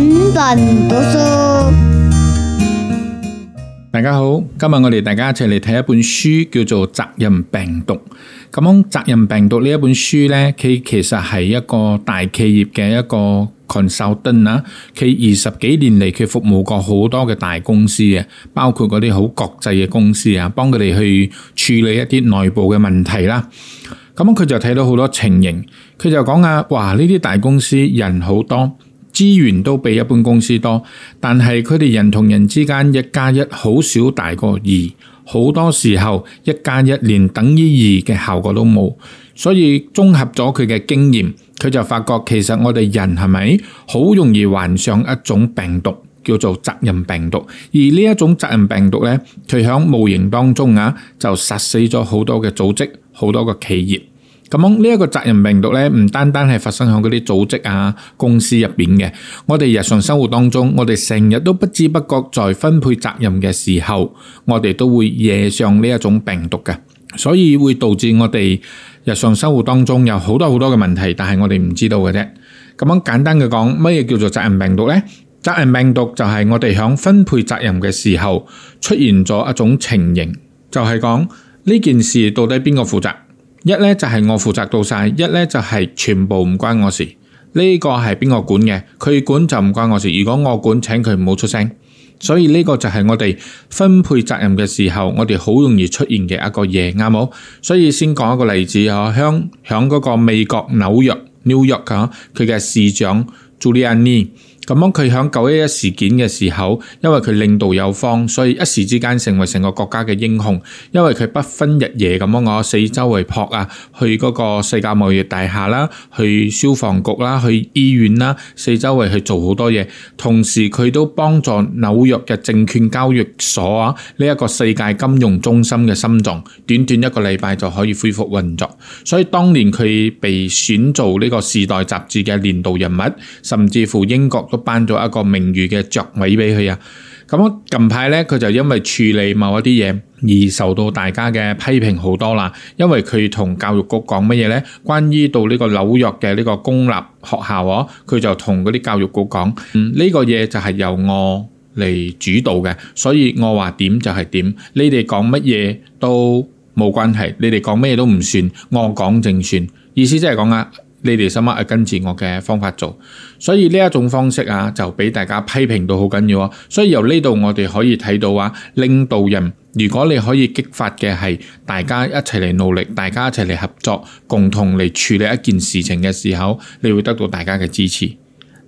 人本讀書，大家好，今日我哋大家一齊嚟睇一本書，叫做《責任病毒》。咁樣《責任病毒》呢一本書呢，佢其實係一個大企業嘅一個 consultant 啊，佢二十幾年嚟，佢服務過好多嘅大公司嘅，包括嗰啲好國際嘅公司啊，幫佢哋去處理一啲內部嘅問題啦。咁樣佢就睇到好多情形，佢就講啊，哇！呢啲大公司人好多。資源都比一般公司多，但係佢哋人同人之間一加一好少大過二，好多時候一加一連等於二嘅效果都冇。所以綜合咗佢嘅經驗，佢就發覺其實我哋人係咪好容易患上一種病毒叫做責任病毒？而呢一種責任病毒咧，佢喺無形當中啊，就殺死咗好多嘅組織，好多個企業。咁樣呢一個責任病毒咧，唔單單係發生喺嗰啲組織啊、公司入邊嘅，我哋日常生活當中，我哋成日都不知不覺在分配責任嘅時候，我哋都會惹上呢一種病毒嘅，所以會導致我哋日常生活當中有好多好多嘅問題，但係我哋唔知道嘅啫。咁樣簡單嘅講，乜嘢叫做責任病毒咧？責任病毒就係我哋響分配責任嘅時候出現咗一種情形，就係講呢件事到底邊個負責。一呢就係我負責到晒，一呢就係全部唔關我事。呢、這個係邊個管嘅？佢管就唔關我事。如果我管，請佢唔好出聲。所以呢個就係我哋分配責任嘅時候，我哋好容易出現嘅一個嘢，啱冇？所以先講一個例子啊，響響嗰個美國紐約 New York 啊，佢嘅市長 Giuliani。咁樣佢響九一一事件嘅時候，因為佢領導有方，所以一時之間成為成個國家嘅英雄。因為佢不分日夜咁樣，我四周圍撲啊，去嗰個世界貿易大廈啦，去消防局啦，去醫院啦，四周圍去做好多嘢。同時，佢都幫助紐約嘅證券交易所啊，呢一個世界金融中心嘅心臟，短短一個禮拜就可以恢復運作。所以當年佢被選做呢個時代雜誌嘅年度人物，甚至乎英國都頒咗一個名譽嘅爵位俾佢啊！咁近排咧，佢就因為處理某一啲嘢而受到大家嘅批評好多啦。因為佢同教育局講乜嘢咧？關於到呢個紐約嘅呢個公立學校，佢就同嗰啲教育局講，呢、嗯呢個嘢就係由我嚟主導嘅，所以我話點就係點，你哋講乜嘢都冇關係，你哋講乜嘢都唔算，我講正算。意思即係講啊。你哋使乜啊？跟住我嘅方法做，所以呢一種方式啊，就俾大家批評到好緊要。啊。所以由呢度我哋可以睇到啊，領導人如果你可以激發嘅係大家一齊嚟努力，大家一齊嚟合作，共同嚟處理一件事情嘅時候，你會得到大家嘅支持。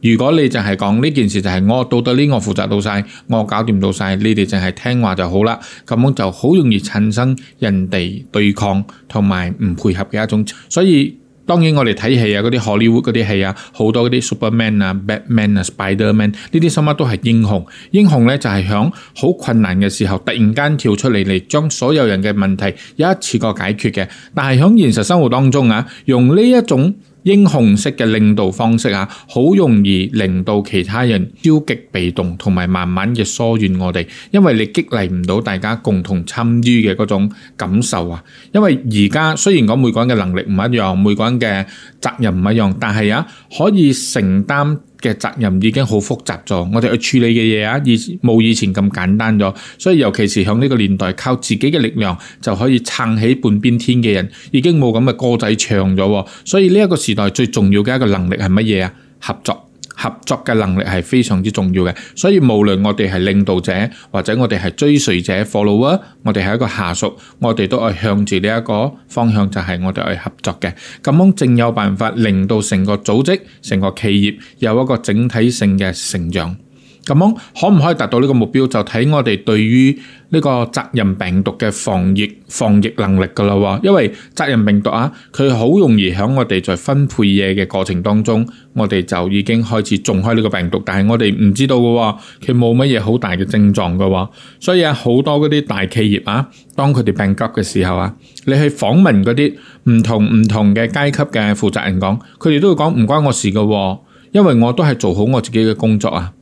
如果你淨係講呢件事就係、是、我到到呢，我負責到晒，我搞掂到晒，你哋淨係聽話就好啦。咁樣就好容易產生人哋對抗同埋唔配合嘅一種，所以。當然我，我哋睇戲啊，嗰啲 Hollywood 嗰啲戲啊，好多嗰啲 Superman 啊、Batman 啊、Spider-Man 呢啲乜都係英雄。英雄咧就係響好困難嘅時候，突然間跳出嚟嚟將所有人嘅問題一次過解決嘅。但係響現實生活當中啊，用呢一種。英雄式嘅領導方式啊，好容易令到其他人消極被動，同埋慢慢嘅疏遠我哋。因為你激勵唔到大家共同參與嘅嗰種感受啊。因為而家雖然講每個人嘅能力唔一樣，每個人嘅責任唔一樣，但係啊，可以承擔嘅責任已經好複雜咗，我哋去處理嘅嘢啊，已冇以前咁簡單咗，所以尤其是喺呢個年代，靠自己嘅力量就可以撐起半邊天嘅人，已經冇咁嘅歌仔唱咗喎，所以呢一個時代最重要嘅一個能力係乜嘢啊？合作。合作嘅能力係非常之重要嘅，所以無論我哋係領導者或者我哋係追隨者 follower，我哋係一個下屬，我哋都係向住呢一個方向，就係我哋去合作嘅，咁樣正有辦法令到成個組織、成個企業有一個整體性嘅成長。咁樣可唔可以達到呢個目標？就睇我哋對於呢個責任病毒嘅防疫防疫能力噶啦。喎，因為責任病毒啊，佢好容易喺我哋在分配嘢嘅過程當中，我哋就已經開始種開呢個病毒。但係我哋唔知道嘅喎、啊，佢冇乜嘢好大嘅症狀嘅喎、啊，所以有、啊、好多嗰啲大企業啊，當佢哋病急嘅時候啊，你去訪問嗰啲唔同唔同嘅階級嘅負責人講，佢哋都會講唔關我事嘅喎、啊，因為我都係做好我自己嘅工作啊。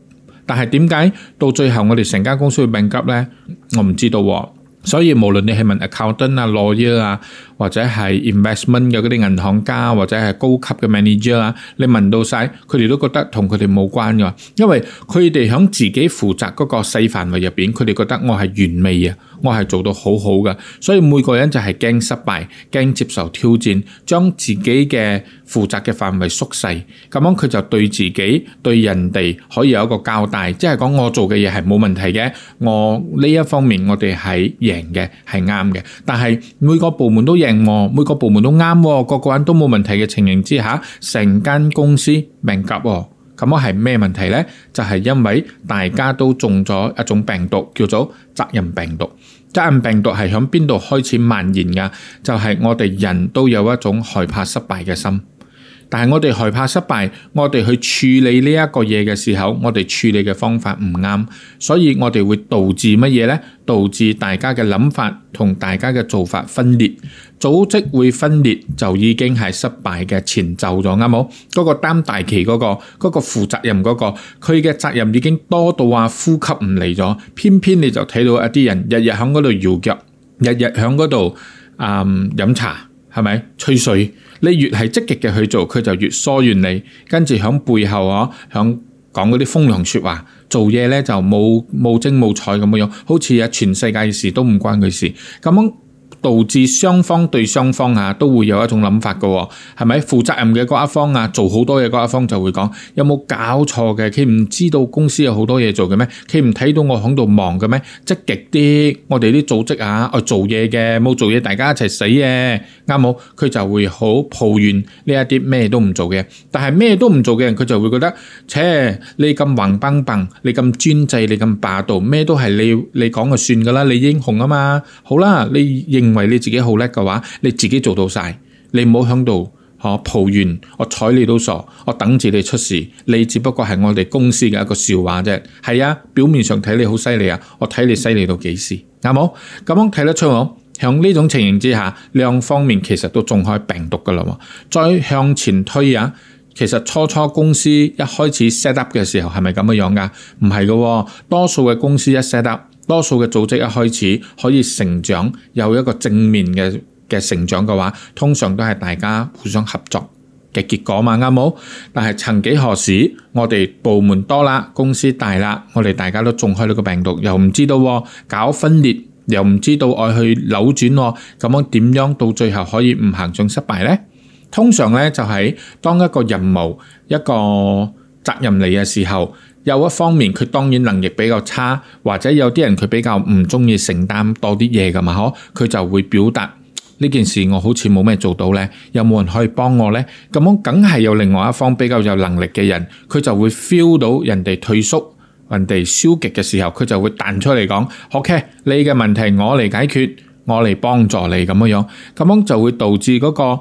但係點解到最後我哋成間公司會病急咧？我唔知道喎，所以無論你係問阿靠登啊、羅伊啊。或者係 investment 嘅嗰啲銀行家，或者係高級嘅 manager 啦，你問到曬，佢哋都覺得同佢哋冇關㗎，因為佢哋喺自己負責嗰個細範圍入邊，佢哋覺得我係完美啊，我係做到好好嘅，所以每個人就係驚失敗，驚接受挑戰，將自己嘅負責嘅範圍縮細，咁樣佢就對自己對人哋可以有一個交代，即係講我做嘅嘢係冇問題嘅，我呢一方面我哋係贏嘅係啱嘅，但係每個部門都贏。病喎，每個部門都啱喎，個個人都冇問題嘅情形之下，成間公司病急喎。咁樣係咩問題呢？就係因為大家都中咗一種病毒，叫做責任病毒。責任病毒係響邊度開始蔓延噶？就係我哋人都有一種害怕失敗嘅心。但係我哋害怕失敗，我哋去處理呢一個嘢嘅時候，我哋處理嘅方法唔啱，所以我哋會導致乜嘢呢？導致大家嘅諗法同大家嘅做法分裂，組織會分裂就已經係失敗嘅前奏咗，啱冇？嗰個擔大旗嗰個，嗰個負責任嗰個，佢嘅責任已經多到啊呼吸唔嚟咗，偏偏你就睇到一啲人日日喺嗰度搖腳，日日喺嗰度啊飲茶，係咪吹水？你越係積極嘅去做，佢就越疏遠你，跟住喺背後啊，喺講嗰啲風涼説話，做嘢咧就冇冇精冇彩咁嘅樣，好似啊全世界嘅事都唔關佢事，咁。導致雙方對雙方啊都會有一種諗法嘅喎，係咪？負責任嘅嗰一方啊，做好多嘢嗰一方就會講：有冇搞錯嘅？佢唔知道公司有好多嘢做嘅咩？佢唔睇到我響度忙嘅咩？積極啲，我哋啲組織啊，我做嘢嘅，冇做嘢大家一齊死嘅，啱冇？佢就會好抱怨呢一啲咩都唔做嘅，但係咩都唔做嘅人，佢就會覺得：切、呃，你咁橫蹦蹦，你咁專制，你咁霸道，咩都係你你講就算㗎喇，你英雄啊嘛，好啦，你認認為你自己好叻嘅話，你自己做到晒，你唔好響度吓抱怨，我睬你都傻，我等住你出事，你只不過係我哋公司嘅一個笑話啫。係啊，表面上睇你好犀利啊，我睇你犀利到幾時，係冇咁樣睇得出。響呢種情形之下，兩方面其實都仲開病毒噶啦。再向前推啊，其實初初公司一開始 set up 嘅時候係咪咁嘅樣噶？唔係噶，多數嘅公司一 set up。多數嘅組織一開始可以成長，有一個正面嘅嘅成長嘅話，通常都係大家互相合作嘅結果嘛，啱冇？但係曾幾何時，我哋部門多啦，公司大啦，我哋大家都中開呢個病毒，又唔知道搞分裂，又唔知道愛去扭轉，咁樣點樣到最後可以唔行進失敗呢？通常呢，就係、是、當一個任務、一個責任嚟嘅時候。有一方面，佢當然能力比較差，或者有啲人佢比較唔中意承擔多啲嘢噶嘛，呵，佢就會表達：「呢件事，我好似冇咩做到呢，有冇人可以幫我呢？」咁樣梗係有另外一方比較有能力嘅人，佢就會 feel 到人哋退縮、人哋消極嘅時候，佢就會彈出嚟講：「OK，你嘅問題我嚟解決，我嚟幫助你咁樣，咁樣就會導致嗰個。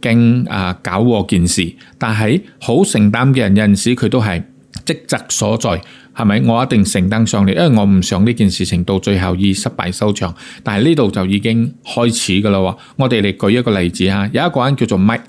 經啊搞禍件事，但係好承擔嘅人有陣時，佢都係職責所在，係咪？我一定承擔上嚟，因為我唔想呢件事情到最後以失敗收場。但係呢度就已經開始噶啦。我哋嚟舉一個例子啊，有一個人叫做 Mike。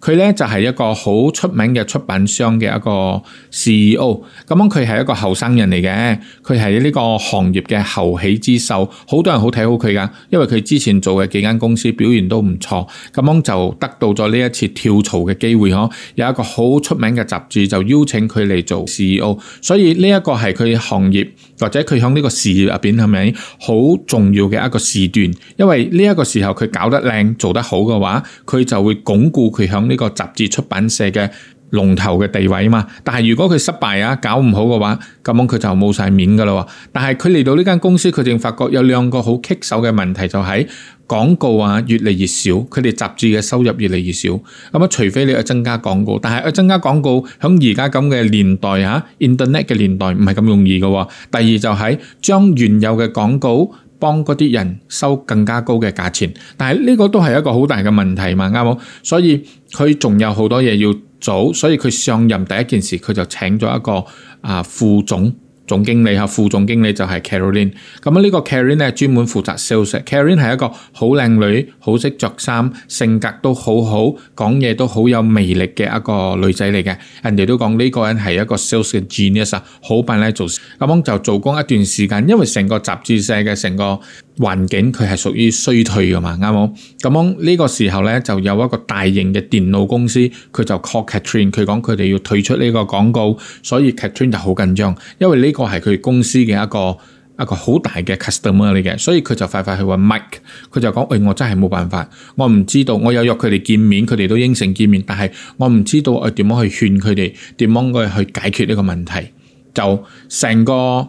佢咧就係、是、一個好出名嘅出版商嘅一個 C E O，咁樣佢係一個後生人嚟嘅，佢係呢個行業嘅後起之秀，好多人好睇好佢噶，因為佢之前做嘅幾間公司表現都唔錯，咁樣就得到咗呢一次跳槽嘅機會呵，有一個好出名嘅雜誌就邀請佢嚟做 C E O，所以呢一個係佢行業。或者佢響呢個事業入邊係咪好重要嘅一個時段？因為呢一個時候佢搞得靚做得好嘅話，佢就會鞏固佢喺呢個雜誌出版社嘅龍頭嘅地位嘛，但係如果佢失敗啊，搞唔好嘅話，咁樣佢就冇晒面㗎喇。但係佢嚟到呢間公司，佢淨發覺有兩個好棘手嘅問題，就是，就係廣告啊，越嚟越少。佢哋雜誌嘅收入越嚟越少。咁啊，除非你去增加廣告，但係去增加廣告喺而家咁嘅年代啊，internet 嘅年代唔係咁容易㗎。第二就係，是，將原有嘅廣告幫嗰啲人收更加高嘅價錢，但係呢個都係一個好大嘅問題嘛，啱唔啱？所以佢仲有好多嘢要組，所以佢上任第一件事，佢就請咗一個啊副總總經理嚇，副總經理就係 Caroline。咁呢個 Caroline 咧專門負責 sales。Caroline 係一個好靚女，好識着衫，性格都好好，講嘢都好有魅力嘅一個女仔嚟嘅。人哋都講呢個人係一個 sales 嘅 genius 啊，好扮咧做。咁樣就做工一段時間，因為成個雜誌社嘅成個。環境佢係屬於衰退嘅嘛，啱冇？咁樣呢個時候咧，就有一個大型嘅電腦公司，佢就 call Catherine 佢講佢哋要退出呢個廣告，所以 Catherine 就好緊張，因為呢個係佢公司嘅一個一個好大嘅 customer 嚟嘅，所以佢就快快去揾 Mike，佢就講：誒、欸，我真係冇辦法，我唔知道，我有約佢哋見面，佢哋都應承見面，但係我唔知道我點樣去勸佢哋，點樣去去解決呢個問題，就成個。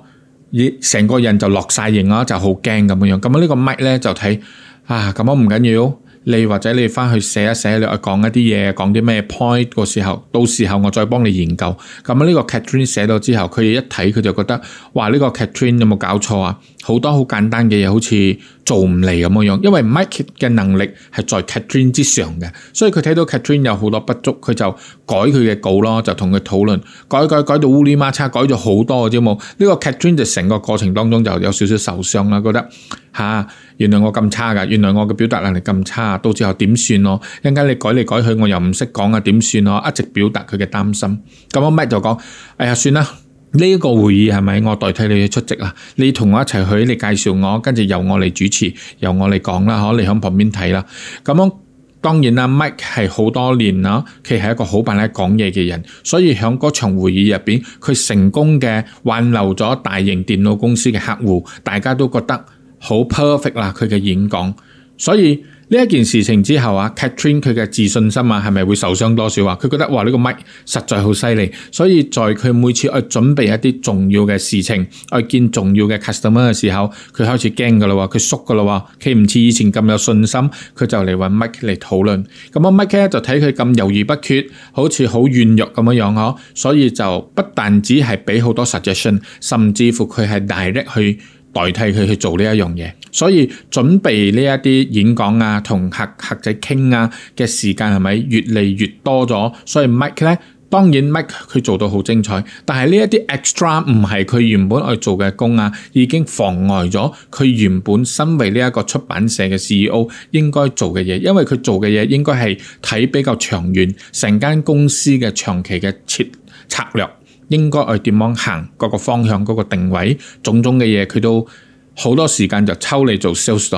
成個人就落晒型啦，就好驚咁樣，咁樣。咁樣呢個麥咧就睇啊，咁樣唔緊要。你或者你翻去寫一寫，你講一啲嘢，講啲咩 point 嘅時候，到時候我再幫你研究。咁呢個 Catherine 寫到之後，佢哋一睇佢就覺得，哇！呢、呢個 Catherine 有冇搞錯啊？好多好簡單嘅嘢好似做唔嚟咁樣，因為 Mike 嘅能力係在 Catherine 之上嘅，所以佢睇到 Catherine 有好多不足，佢就改佢嘅稿咯，就同佢討論，改改改到烏里馬叉，改咗好多嘅啫知冇。呢、呢個 Catherine 就成個過程當中就有，有少少受傷啦，覺得。嚇！原來我咁差噶，原來我嘅表達能力咁差，到最後點算咯？一陣間你改嚟改去，我又唔識講啊，點算咯？一直表達佢嘅擔心。咁阿 Mike 就講，哎呀，算啦，呢一個會議係咪？我代替你去出席啦。你同我一齊去，你介紹我，跟住由我嚟主持，由我嚟講啦，嗬，你喺旁邊睇啦。咁樣當然啦，Mike 係好多年啦，佢係一個好扮得講嘢嘅人，所以喺嗰場會議入邊，佢成功嘅挽留咗大型電腦公司嘅客戶，大家都覺得。好 perfect 啦佢嘅演講，所以呢一件事情之後啊，Katrin 佢嘅自信心啊，係咪會受傷多少啊？佢覺得哇呢個 Mike 實在好犀利，所以在佢每次去準備一啲重要嘅事情，去見重要嘅 customer 嘅時候，佢開始驚噶啦，佢縮噶啦，佢唔似以前咁有信心，佢就嚟揾 Mike 嚟討論。咁啊 Mike 咧就睇佢咁猶豫不決，好似好軟弱咁樣樣嗬，所以就不但只係俾好多 suggestion，甚至乎佢係大力去。代替佢去做呢一樣嘢，所以準備呢一啲演講啊、同客客仔傾啊嘅時間係咪越嚟越多咗？所以 Mike 咧，當然 Mike 佢做到好精彩，但係呢一啲 extra 唔係佢原本去做嘅工啊，已經妨礙咗佢原本身為呢一個出版社嘅 CEO 應該做嘅嘢，因為佢做嘅嘢應該係睇比較長遠，成間公司嘅長期嘅策策略。應該我點樣行嗰個方向、嗰個定位、種種嘅嘢，佢都好多時間就抽你做 sales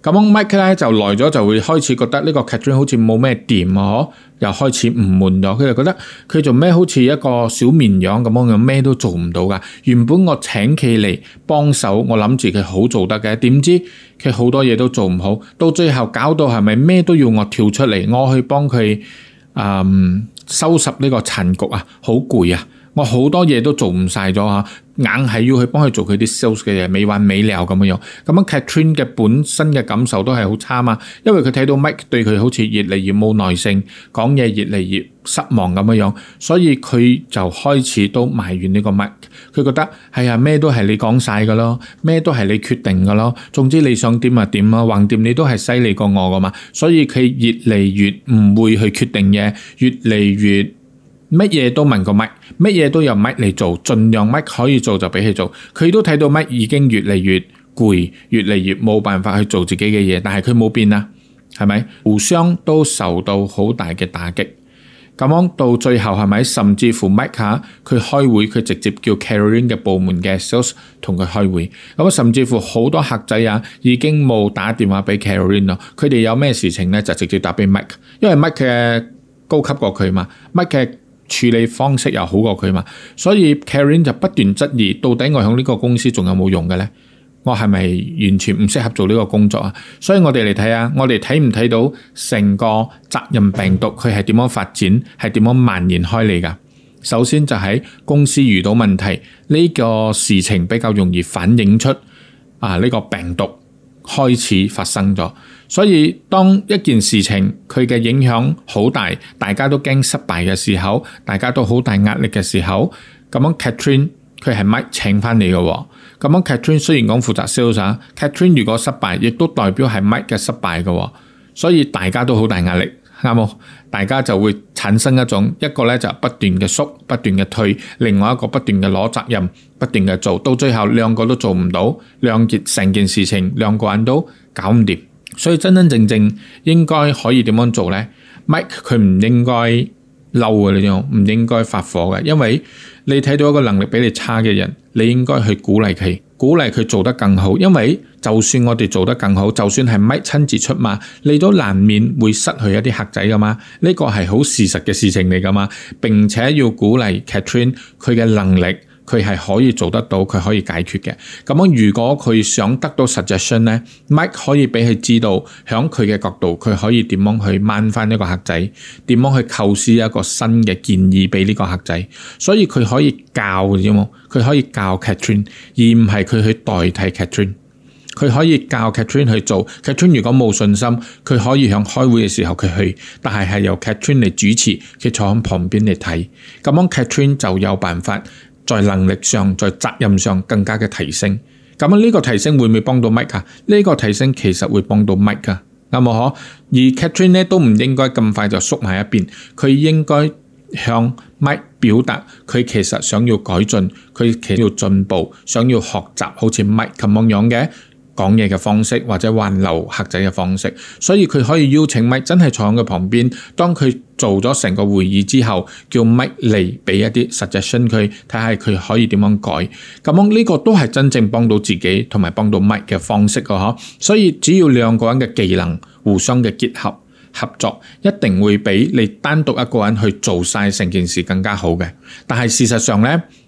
咁樣，Mike 咧就來咗，就會開始覺得呢個 captain 好似冇咩掂啊！又開始唔滿咗。佢就覺得佢做咩好似一個小綿羊咁樣，咩都做唔到噶。原本我請佢嚟幫手，我諗住佢好做得嘅，點知佢好多嘢都做唔好，到最後搞到係咪咩都要我跳出嚟，我去幫佢嗯、呃、收拾呢個殘局啊？好攰啊！我好多嘢都做唔晒咗吓，硬係要去幫佢做佢啲 sales 嘅嘢，未完未了咁樣樣。咁樣 Katrine 嘅本身嘅感受都係好差嘛，因為佢睇到 Mike 對佢好似越嚟越冇耐性，講嘢越嚟越失望咁樣樣，所以佢就開始都埋怨呢個 Mike。佢覺得係啊，咩、哎、都係你講晒嘅咯，咩都係你決定嘅咯，總之你想點就點咯，橫掂你都係犀利過我噶嘛，所以佢越嚟越唔會去決定嘢，越嚟越。乜嘢都問過 Mike，乜嘢都由 Mike 嚟做，盡量 Mike 可以做就俾佢做。佢都睇到 Mike 已經越嚟越攰，越嚟越冇辦法去做自己嘅嘢。但係佢冇變啊，係咪？互相都受到好大嘅打擊。咁樣到最後係咪？甚至乎 Mike 嚇佢開會，佢直接叫 Caroline 嘅部門嘅 sales 同佢開會。咁甚至乎好多客仔啊，已經冇打電話俾 Caroline 咯。佢哋有咩事情咧，就直接打俾 Mike，因為 Mike 嘅高級過佢嘛。Mike 嘅處理方式又好過佢嘛，所以 Karen 就不斷質疑，到底我喺呢個公司仲有冇用嘅呢？我係咪完全唔適合做呢個工作啊？所以我哋嚟睇下，我哋睇唔睇到成個責任病毒佢係點樣發展，係點樣蔓延開嚟噶？首先就喺公司遇到問題，呢個事情比較容易反映出啊呢個病毒開始發生咗。所以當一件事情佢嘅影響好大，大家都驚失敗嘅時候，大家都好大壓力嘅時候，咁樣 Catherine 佢係 Mike 請翻你嘅。咁樣 Catherine 雖然講負責 sales，Catherine 如果失敗，亦都代表係 Mike 嘅失敗嘅。所以大家都好大壓力，啱唔？大家就會產生一種一個咧就不斷嘅縮，不斷嘅退，另外一個不斷嘅攞責任，不斷嘅做到最後，兩個都做唔到，兩件成件事情，兩個人都搞唔掂。所以真真正正應該可以點樣做呢？Mike 佢唔應該嬲嘅你知，唔應該發火嘅，因為你睇到一個能力比你差嘅人，你應該去鼓勵佢，鼓勵佢做得更好。因為就算我哋做得更好，就算係 Mike 親自出馬，你都難免會失去一啲客仔噶嘛。呢個係好事實嘅事情嚟噶嘛。並且要鼓勵 Katrin 佢嘅能力。佢係可以做得到，佢可以解決嘅。咁樣如果佢想得到 suggestion 咧，Mike 可以俾佢知道，響佢嘅角度，佢可以點樣去掹翻呢個客仔，點樣去構思一個新嘅建議俾呢個客仔。所以佢可以教啫，佢可以教 Catherine，而唔係佢去代替 Catherine。佢可以教 Catherine 去做 Catherine。如果冇信心，佢可以響開會嘅時候佢去，去，但係係由 Catherine 嚟主持，佢坐喺旁邊嚟睇。咁樣 Catherine 就有辦法。在能力上，在責任上更加嘅提升，咁啊呢個提升會唔會幫到 Mike？呢個提升其實會幫到 Mike 噶，啱唔啱？而 Catrine 咧都唔應該咁快就縮埋一邊，佢應該向 Mike 表達佢其實想要改進，佢其實要進步，想要學習，好似 Mike 咁樣嘅。講嘢嘅方式或者挽留客仔嘅方式，所以佢可以邀請 Mike 真係坐喺佢旁邊。當佢做咗成個會議之後，叫 Mike 嚟俾一啲實際數據，睇下佢可以點樣改。咁樣呢個都係真正幫到自己同埋幫到 Mike 嘅方式咯，嚇。所以只要兩個人嘅技能互相嘅結合合作，一定會比你單獨一個人去做曬成件事更加好嘅。但係事實上呢。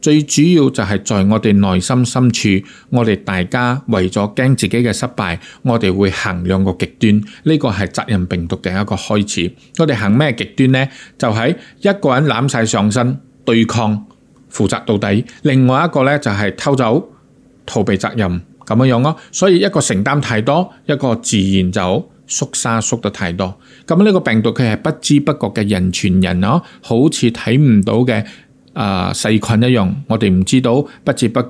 最主要就係在我哋內心深處，我哋大家為咗驚自己嘅失敗，我哋會行兩個極端，呢、這個係責任病毒嘅一個開始。我哋行咩極端呢？就係、是、一個人攬晒上身對抗，負責到底；另外一個呢，就係偷走、逃避責任咁樣樣咯。所以一個承擔太多，一個自然就縮沙縮得太多。咁呢個病毒佢係不知不覺嘅人傳人咯，好似睇唔到嘅。啊！細菌一樣，我哋唔知道，不知不覺，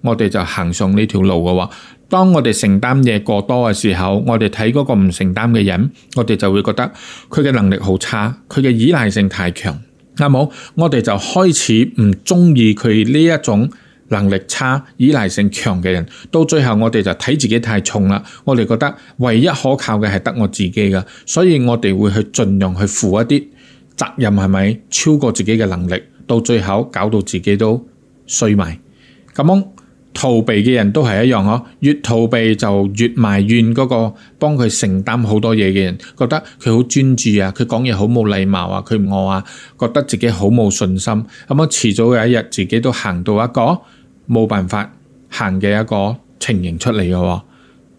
我哋就行上呢條路嘅喎。當我哋承擔嘢過多嘅時候，我哋睇嗰個唔承擔嘅人，我哋就會覺得佢嘅能力好差，佢嘅依賴性太強，啱冇？我哋就開始唔中意佢呢一種能力差、依賴性強嘅人。到最後，我哋就睇自己太重啦。我哋覺得唯一可靠嘅係得我自己嘅，所以我哋會去盡量去負一啲責任，係咪超過自己嘅能力？到最後搞到自己都衰埋，咁逃避嘅人都係一樣嗬，越逃避就越埋怨嗰個幫佢承擔好多嘢嘅人，覺得佢好專注啊，佢講嘢好冇禮貌啊，佢唔餓啊，覺得自己好冇信心，咁樣遲早有一日自己都行到一個冇辦法行嘅一個情形出嚟嘅喎。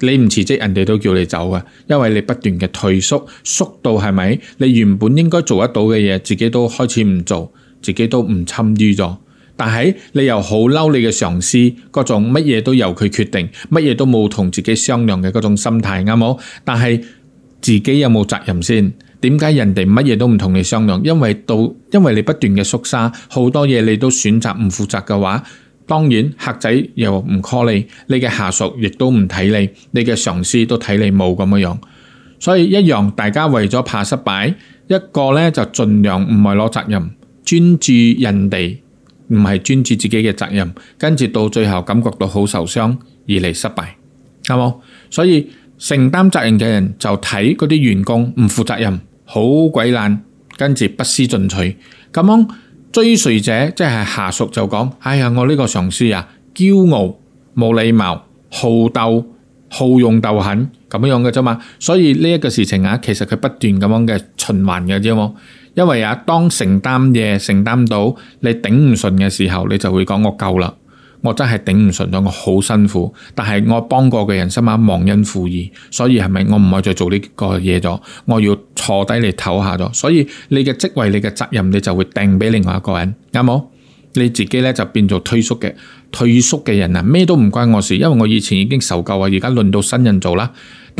你唔辭職，人哋都叫你走㗎，因為你不斷嘅退縮，縮到係咪？你原本應該做得到嘅嘢，自己都開始唔做，自己都唔參與咗。但係你又好嬲你嘅上司，各種乜嘢都由佢決定，乜嘢都冇同自己商量嘅嗰種心態，啱冇？但係自己有冇責任先？點解人哋乜嘢都唔同你商量？因為到，因為你不斷嘅縮沙，好多嘢你都選擇唔負責嘅話。當然，客仔又唔 call 你，你嘅下屬亦都唔睇你，你嘅上司都睇你冇咁樣，所以一樣大家為咗怕失敗，一個咧就盡量唔係攞責任，專注人哋，唔係專注自己嘅責任，跟住到最後感覺到好受傷而嚟失敗，係冇，所以承擔責任嘅人就睇嗰啲員工唔負責任，好鬼爛，跟住不思進取，咁樣。追隨者即係下屬就講，哎呀，我呢個上司啊，驕傲、冇禮貌、好鬥、好勇鬥狠咁樣嘅啫嘛，所以呢一個事情啊，其實佢不斷咁樣嘅循環嘅啫嘛，知冇？因為啊，當承擔嘢承擔到你頂唔順嘅時候，你就會講我夠啦。我真係頂唔順咗，我好辛苦，但係我幫過嘅人心諗忘恩負義，所以係咪我唔可以再做呢個嘢咗？我要坐低嚟唞下咗，所以你嘅職位、你嘅責任，你就會掟俾另外一個人，啱冇？你自己呢就變做退縮嘅，退縮嘅人啊，咩都唔關我事，因為我以前已經受夠啊，而家輪到新人做啦。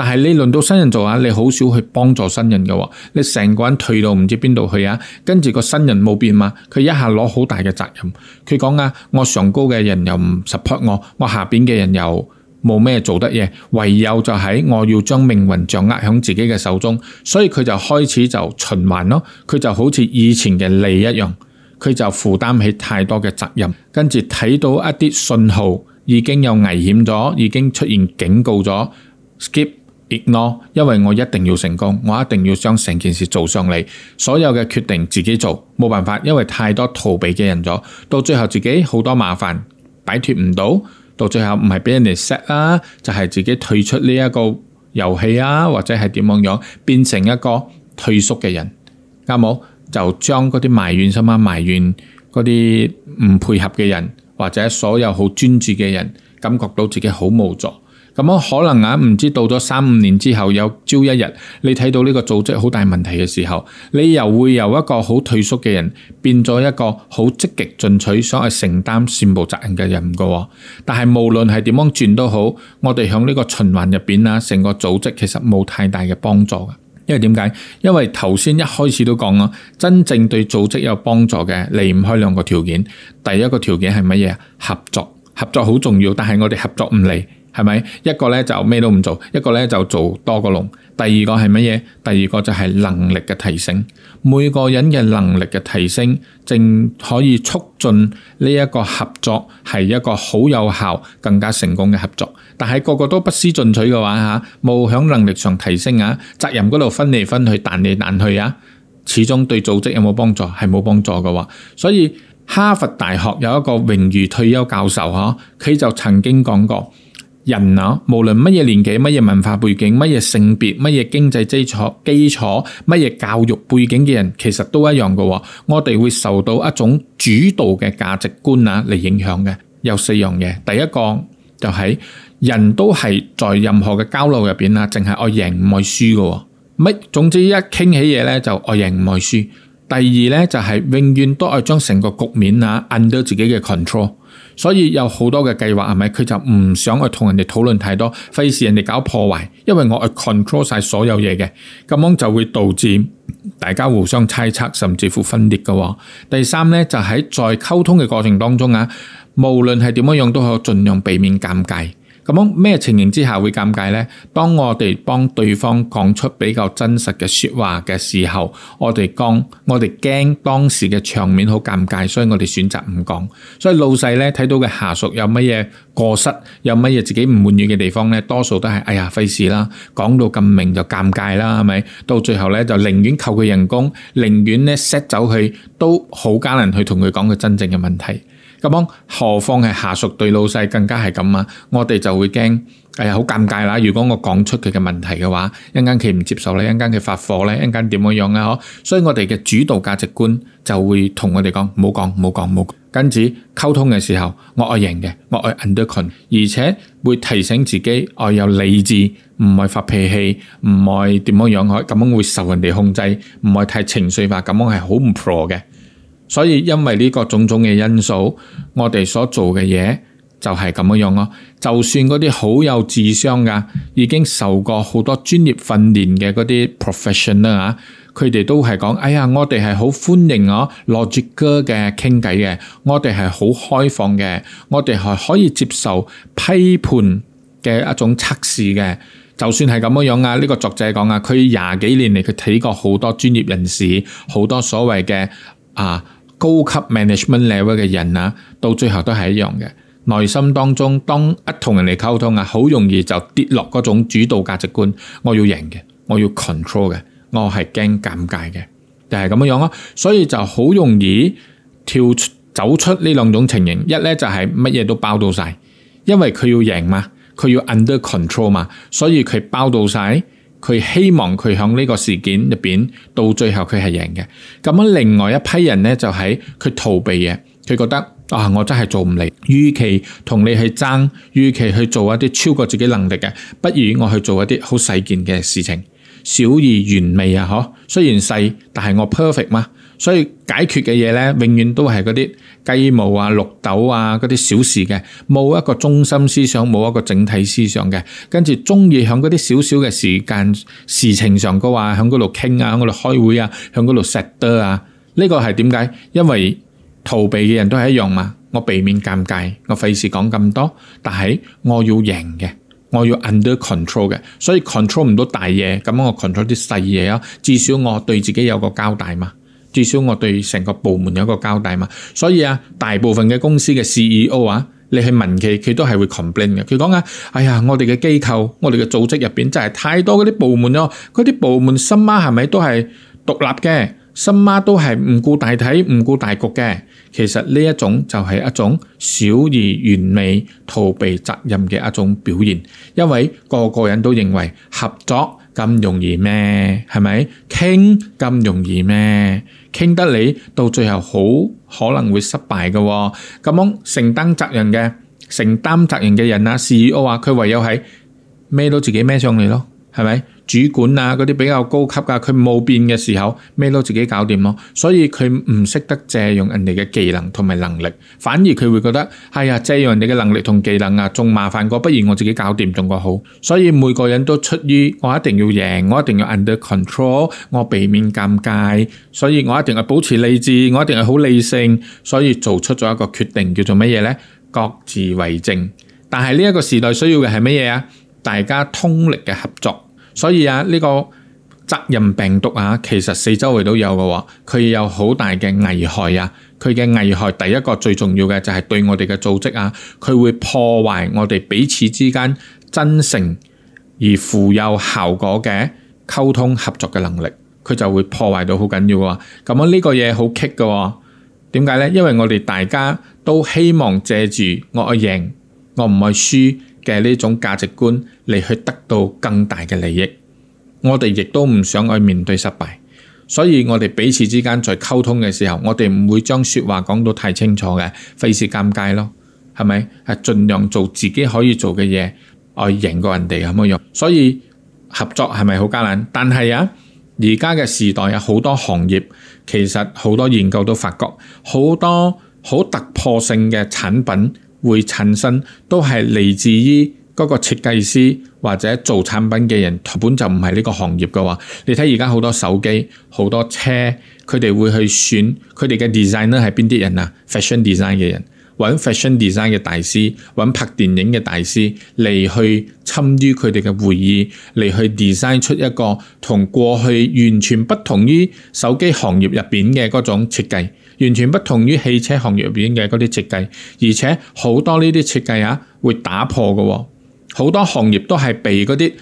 但係你輪到新人做啊，你好少去幫助新人嘅，你成個人退到唔知邊度去啊，跟住個新人冇變嘛，佢一下攞好大嘅責任，佢講啊，我上高嘅人又唔 support 我，我下邊嘅人又冇咩做得嘢，唯有就喺我要將命運掌握響自己嘅手中，所以佢就開始就循環咯，佢就好似以前嘅利一樣，佢就負擔起太多嘅責任，跟住睇到一啲信號已經有危險咗，已經出現警告咗，skip。亦攞，ore，因為我一定要成功，我一定要將成件事做上嚟。所有嘅決定自己做，冇辦法，因為太多逃避嘅人咗，到最後自己好多麻煩，擺脫唔到。到最後唔係畀人哋 set 啦，就係、是、自己退出呢一個遊戲啊，或者係點樣樣，變成一個退縮嘅人，啱冇？就將嗰啲埋怨，使乜埋怨，嗰啲唔配合嘅人，或者所有好專注嘅人，感覺到自己好無助。咁可能啊，唔知到咗三五年之後，有朝一日你睇到呢個組織好大問題嘅時候，你又會由一個好退縮嘅人變咗一個好積極進取，想去承擔全部責任嘅人嘅，哦。但係無論係點樣轉都好，我哋喺呢個循環入邊啊，成個組織其實冇太大嘅幫助，因為點解？因為頭先一開始都講啊，真正對組織有幫助嘅，離唔開兩個條件。第一個條件係乜嘢？合作，合作好重要，但係我哋合作唔嚟。係咪一個咧就咩都唔做，一個咧就做多個龍。第二個係乜嘢？第二個就係能力嘅提升。每個人嘅能力嘅提升，正可以促進呢一個合作，係一個好有效、更加成功嘅合作。但係個個都不思進取嘅話嚇，冇、啊、響能力上提升啊，責任嗰度分嚟分去、彈嚟彈去啊，始終對組織有冇幫助係冇幫助嘅喎。所以哈佛大學有一個榮譽退休教授，嚇、啊、佢就曾經講過。人啊，無論乜嘢年紀、乜嘢文化背景、乜嘢性別、乜嘢經濟基礎、基礎乜嘢教育背景嘅人，其實都一樣噶。我哋會受到一種主導嘅價值觀啊嚟影響嘅。有四樣嘢，第一個就係、是、人都係在任何嘅交流入邊啊，淨係愛贏唔愛輸噶。乜總之一傾起嘢咧就愛贏唔愛輸。第二咧就係、是、永遠都愛將成個局面啊 under 自己嘅 control。所以有好多嘅計劃係咪？佢就唔想去同人哋討論太多，費事人哋搞破壞。因為我係 control 曬所有嘢嘅，咁樣就會導致大家互相猜測，甚至乎分裂嘅。第三呢，就喺、是、在溝通嘅過程當中啊，無論係點樣樣，都可盡量避免尷尬。咁樣咩情形之下會尷尬咧？當我哋幫對方講出比較真實嘅說話嘅時候，我哋講，我哋驚當時嘅場面好尷尬，所以我哋選擇唔講。所以老細咧，睇到嘅下屬有乜嘢過失，有乜嘢自己唔滿意嘅地方咧，多數都係哎呀，費事啦，講到咁明就尷尬啦，係咪？到最後咧，就寧願扣佢人工，寧願咧 set 走佢，都好艱難去同佢講佢真正嘅問題。咁樣何況係下屬對老細更加係咁啊！我哋就會驚，哎呀好尷尬啦！如果我講出佢嘅問題嘅話，一間佢唔接受咧，一間佢發火，咧，一間點樣樣啊？所以我哋嘅主導價值觀就會同我哋講：唔好講，唔好講，冇。跟住溝通嘅時候，我愛贏嘅，我愛 undercut，而且會提醒自己愛有理智，唔愛發脾氣，唔愛點樣樣去，咁樣會受人哋控制，唔愛太情緒化，咁樣係好唔 pro 嘅。所以因為呢個種種嘅因素，我哋所做嘅嘢就係咁樣樣咯。就算嗰啲好有智商噶，已經受過好多專業訓練嘅嗰啲 profession 啦嚇，佢哋都係講：哎呀，我哋係好歡迎我、啊、logic 嘅傾偈嘅，我哋係好開放嘅，我哋係可以接受批判嘅一種測試嘅。就算係咁樣樣啊，呢個作者講啊，佢廿幾年嚟佢睇過好多專業人士，好多所謂嘅啊。高級 management level 嘅人啊，到最後都係一樣嘅，內心當中當一同人哋溝通啊，好容易就跌落嗰種主導價值觀，我要贏嘅，我要 control 嘅，我係驚尷尬嘅，就係咁樣咯，所以就好容易跳出走出呢兩種情形，一咧就係乜嘢都包到晒，因為佢要贏嘛，佢要 under control 嘛，所以佢包到晒。佢希望佢喺呢個事件入邊，到最後佢係贏嘅。咁樣另外一批人咧，就喺、是、佢逃避嘅，佢覺得啊、哦，我真係做唔嚟，與其同你去爭，與其去做一啲超過自己能力嘅，不如我去做一啲好細件嘅事情，小而完美啊！嗬，雖然細，但係我 perfect 嘛。所以解決嘅嘢咧，永遠都係嗰啲雞毛啊、綠豆啊嗰啲小事嘅，冇一個中心思想，冇一個整體思想嘅。跟住鍾意響嗰啲少少嘅時間事情上嘅話，響嗰度傾啊，響嗰度開會啊，響嗰度食得啊。呢個係點解？因為逃避嘅人都係一樣嘛。我避免尷尬，我費事講咁多，但係我要贏嘅，我要 under control 嘅。所以 control 唔到大嘢，咁樣我 control 啲細嘢咯。至少我對自己有個交代嘛。至少我對成個部門有一個交代嘛，所以啊，大部分嘅公司嘅 CEO 啊，你去問佢都係會 complain 嘅，佢講啊，哎呀，我哋嘅機構，我哋嘅組織入面真係太多嗰啲部門咯、啊，嗰啲部門心媽係咪都係獨立嘅，心媽都係唔顧大體、唔顧大局嘅，其實呢一種就係一種小而完美、逃避責任嘅一種表現，因為個個人都認為合作。咁容易咩？係咪傾咁容易咩？傾得你到最後好可能會失敗㗎喎。咁樣承擔責任嘅、承擔責任嘅人啊，事與我話、啊、佢唯有係孭到自己孭上嚟咯，係咪？主管啊，嗰啲比較高級噶，佢冇變嘅時候咩都自己搞掂咯。所以佢唔識得借用人哋嘅技能同埋能力，反而佢會覺得，哎呀，借用人哋嘅能力同技能啊，仲麻煩過，不如我自己搞掂仲個好。所以每個人都出於我一定要贏，我一定要 under control，我避免尷尬，所以我一定係保持理智，我一定係好理性，所以做出咗一個決定叫做乜嘢呢？「各自為政」。但係呢一個時代需要嘅係乜嘢啊？大家通力嘅合作。所以啊，呢個責任病毒啊，其實四周圍都有嘅喎，佢有好大嘅危害啊！佢嘅危害，第一個最重要嘅就係對我哋嘅組織啊，佢會破壞我哋彼此之間真誠而富有效果嘅溝通合作嘅能力，佢就會破壞到好緊要啊！咁啊，呢個嘢好棘嘅，點解咧？因為我哋大家都希望借住我愛贏，我唔愛輸。.嘅呢種價值觀嚟去得到更大嘅利益，我哋亦都唔想去面對失敗，所以我哋彼此之間在溝通嘅時候，我哋唔會將説話講到太清楚嘅，費事尷尬咯，係咪？係盡量做自己可以做嘅嘢，我、啊、贏過人哋咁嘅樣，所以合作係咪好艱難？但係啊，而家嘅時代有好多行業，其實好多研究都發覺好多好突破性嘅產品。會產生都係嚟自於嗰個設計師或者做產品嘅人，本就唔係呢個行業嘅話，你睇而家好多手機、好多車，佢哋會去選佢哋嘅 designer 係邊啲人啊？fashion design 嘅人，揾 fashion design 嘅大師，揾拍電影嘅大師嚟去參與佢哋嘅會議，嚟去 design 出一個同過去完全不同於手機行業入邊嘅嗰種設計。完全不同於汽車行業入邊嘅嗰啲設計，而且好多呢啲設計啊會打破嘅哦，好多行業都係被嗰啲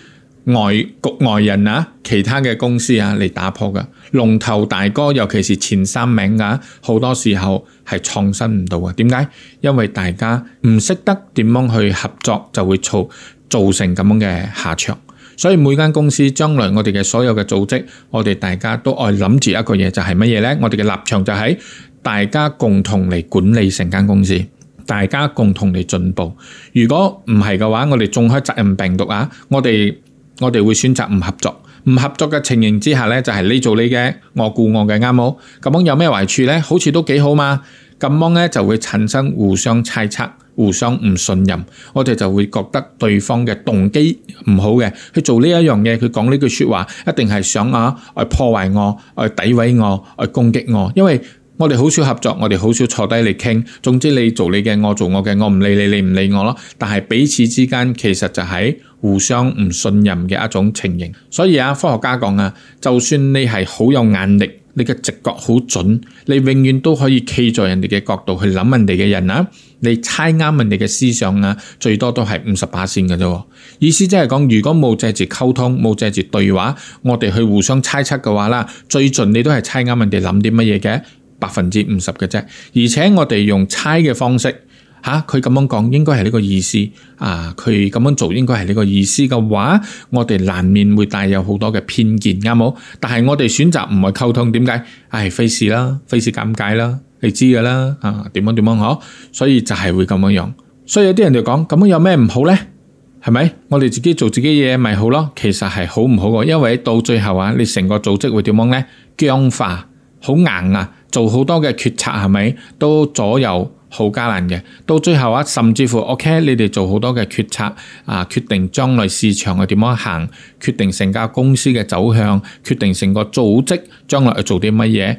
外局外人啊、其他嘅公司啊嚟打破嘅。龍頭大哥，尤其是前三名啊，好多時候係創新唔到嘅。點解？因為大家唔識得點樣去合作，就會造造成咁樣嘅下場。所以每間公司將來我哋嘅所有嘅組織，我哋大家都愛諗住一個嘢，就係乜嘢呢？我哋嘅立場就喺、是。大家共同嚟管理成間公司，大家共同嚟進步。如果唔係嘅話，我哋仲開責任病毒啊！我哋我哋會選擇唔合作。唔合作嘅情形之下咧，就係、是、你做你嘅，我顧我嘅，啱唔啱？咁樣有咩壞處咧？好似都幾好嘛。咁樣咧就會產生互相猜測、互相唔信任。我哋就會覺得對方嘅動機唔好嘅，去做呢一樣嘢，佢講呢句説話一定係想啊，去破壞我、去詆毀我、去攻擊我，因為。我哋好少合作，我哋好少坐低嚟傾。總之你做你嘅，我做我嘅，我唔理你，你唔理我咯。但係彼此之間其實就係互相唔信任嘅一種情形。所以啊，科學家講啊，就算你係好有眼力，你嘅直覺好準，你永遠都可以企在人哋嘅角度去諗人哋嘅人啊，你猜啱人哋嘅思想啊，最多都係五十把線嘅啫。意思即係講，如果冇借住溝通，冇借住對話，我哋去互相猜測嘅話啦，最盡你都係猜啱人哋諗啲乜嘢嘅。百分之五十嘅啫，而且我哋用猜嘅方式吓，佢、啊、咁樣講應該係呢個意思啊，佢咁樣做應該係呢個意思嘅話，我哋難免會帶有好多嘅偏見，啱冇？但係我哋選擇唔去溝通，點解？唉、哎，費事啦，費事尷尬啦，你知噶啦啊，點樣點樣嗬、啊？所以就係會咁樣樣。所以有啲人就講，咁樣有咩唔好咧？係咪？我哋自己做自己嘢，咪好咯？其實係好唔好嘅，因為到最後啊，你成個組織會點樣咧？僵化，好硬啊！做好多嘅決策係咪都左右好艱難嘅？到最後啊，甚至乎 OK，你哋做好多嘅決策啊，決定將來市場係點樣行，決定成間公司嘅走向，決定成個組織將來去做啲乜嘢，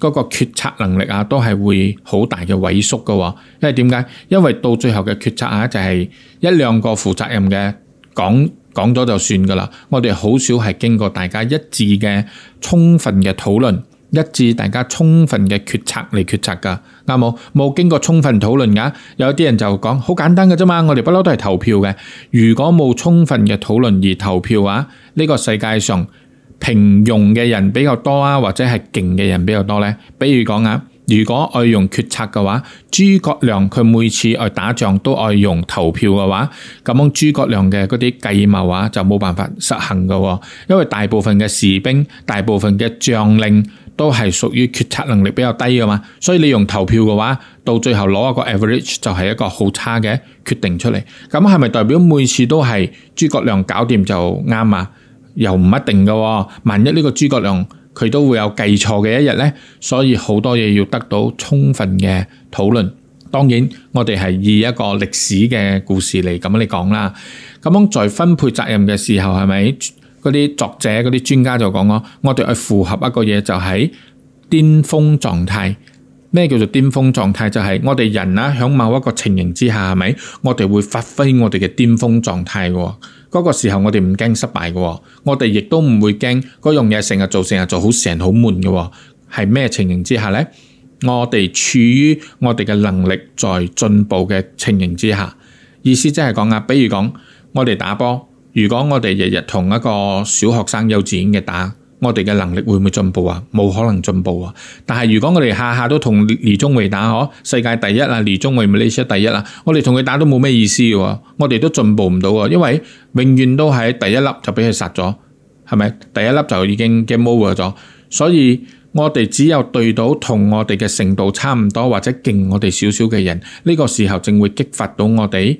嗰個決策能力啊，都係會好大嘅萎縮嘅喎。因為點解？因為到最後嘅決策啊，就係一兩個負責任嘅講講咗就算噶啦。我哋好少係經過大家一致嘅充分嘅討論。一致，大家充分嘅決策嚟決策噶，啱冇冇經過充分討論噶？有啲人就講好簡單嘅啫嘛，我哋不嬲都係投票嘅。如果冇充分嘅討論而投票嘅話，呢個世界上平庸嘅人比較多啊，或者係勁嘅人比較多呢。比如講啊，如果愛用決策嘅話，諸葛亮佢每次愛打仗都愛用投票嘅話，咁樣諸葛亮嘅嗰啲計謀啊就冇辦法實行嘅，因為大部分嘅士兵、大部分嘅將領，都係屬於決策能力比較低㗎嘛，所以你用投票嘅話，到最後攞一個 average 就係一個好差嘅決定出嚟。咁係咪代表每次都係諸葛亮搞掂就啱啊？又唔一定嘅喎。萬一呢個諸葛亮佢都會有計錯嘅一日呢，所以好多嘢要得到充分嘅討論。當然，我哋係以一個歷史嘅故事嚟咁樣嚟講啦。咁樣在分配責任嘅時候係咪？嗰啲作者、嗰啲專家就講咯，我哋去符合一個嘢，就係巔峰狀態。咩叫做巔峰狀態？就係、係、我哋人啊，喺某一個情形之下，係咪？我哋會發揮我哋嘅巔峰狀態嘅。嗰、嗰個時候我，我哋唔驚失敗嘅。我哋亦都唔會驚嗰樣嘢成日做，成日做好成好悶嘅。係咩情形之下咧？我哋處於我哋嘅能力在進步嘅情形之下，意思即係講啊，比如講我哋打波。如果我哋日日同一個小學生幼稚園嘅打，我哋嘅能力會唔會進步啊？冇可能進步啊！但係如果我哋下下都同李宗偉打，哦，世界第一啊，李宗偉咪呢出第一啦，我哋同佢打都冇咩意思嘅，我哋都進步唔到啊！因為永遠都喺第一粒就俾佢殺咗，係咪？第一粒就已經 game over 咗，所以我哋只有對到同我哋嘅程度差唔多或者勁我哋少少嘅人，呢個時候正會激發到我哋。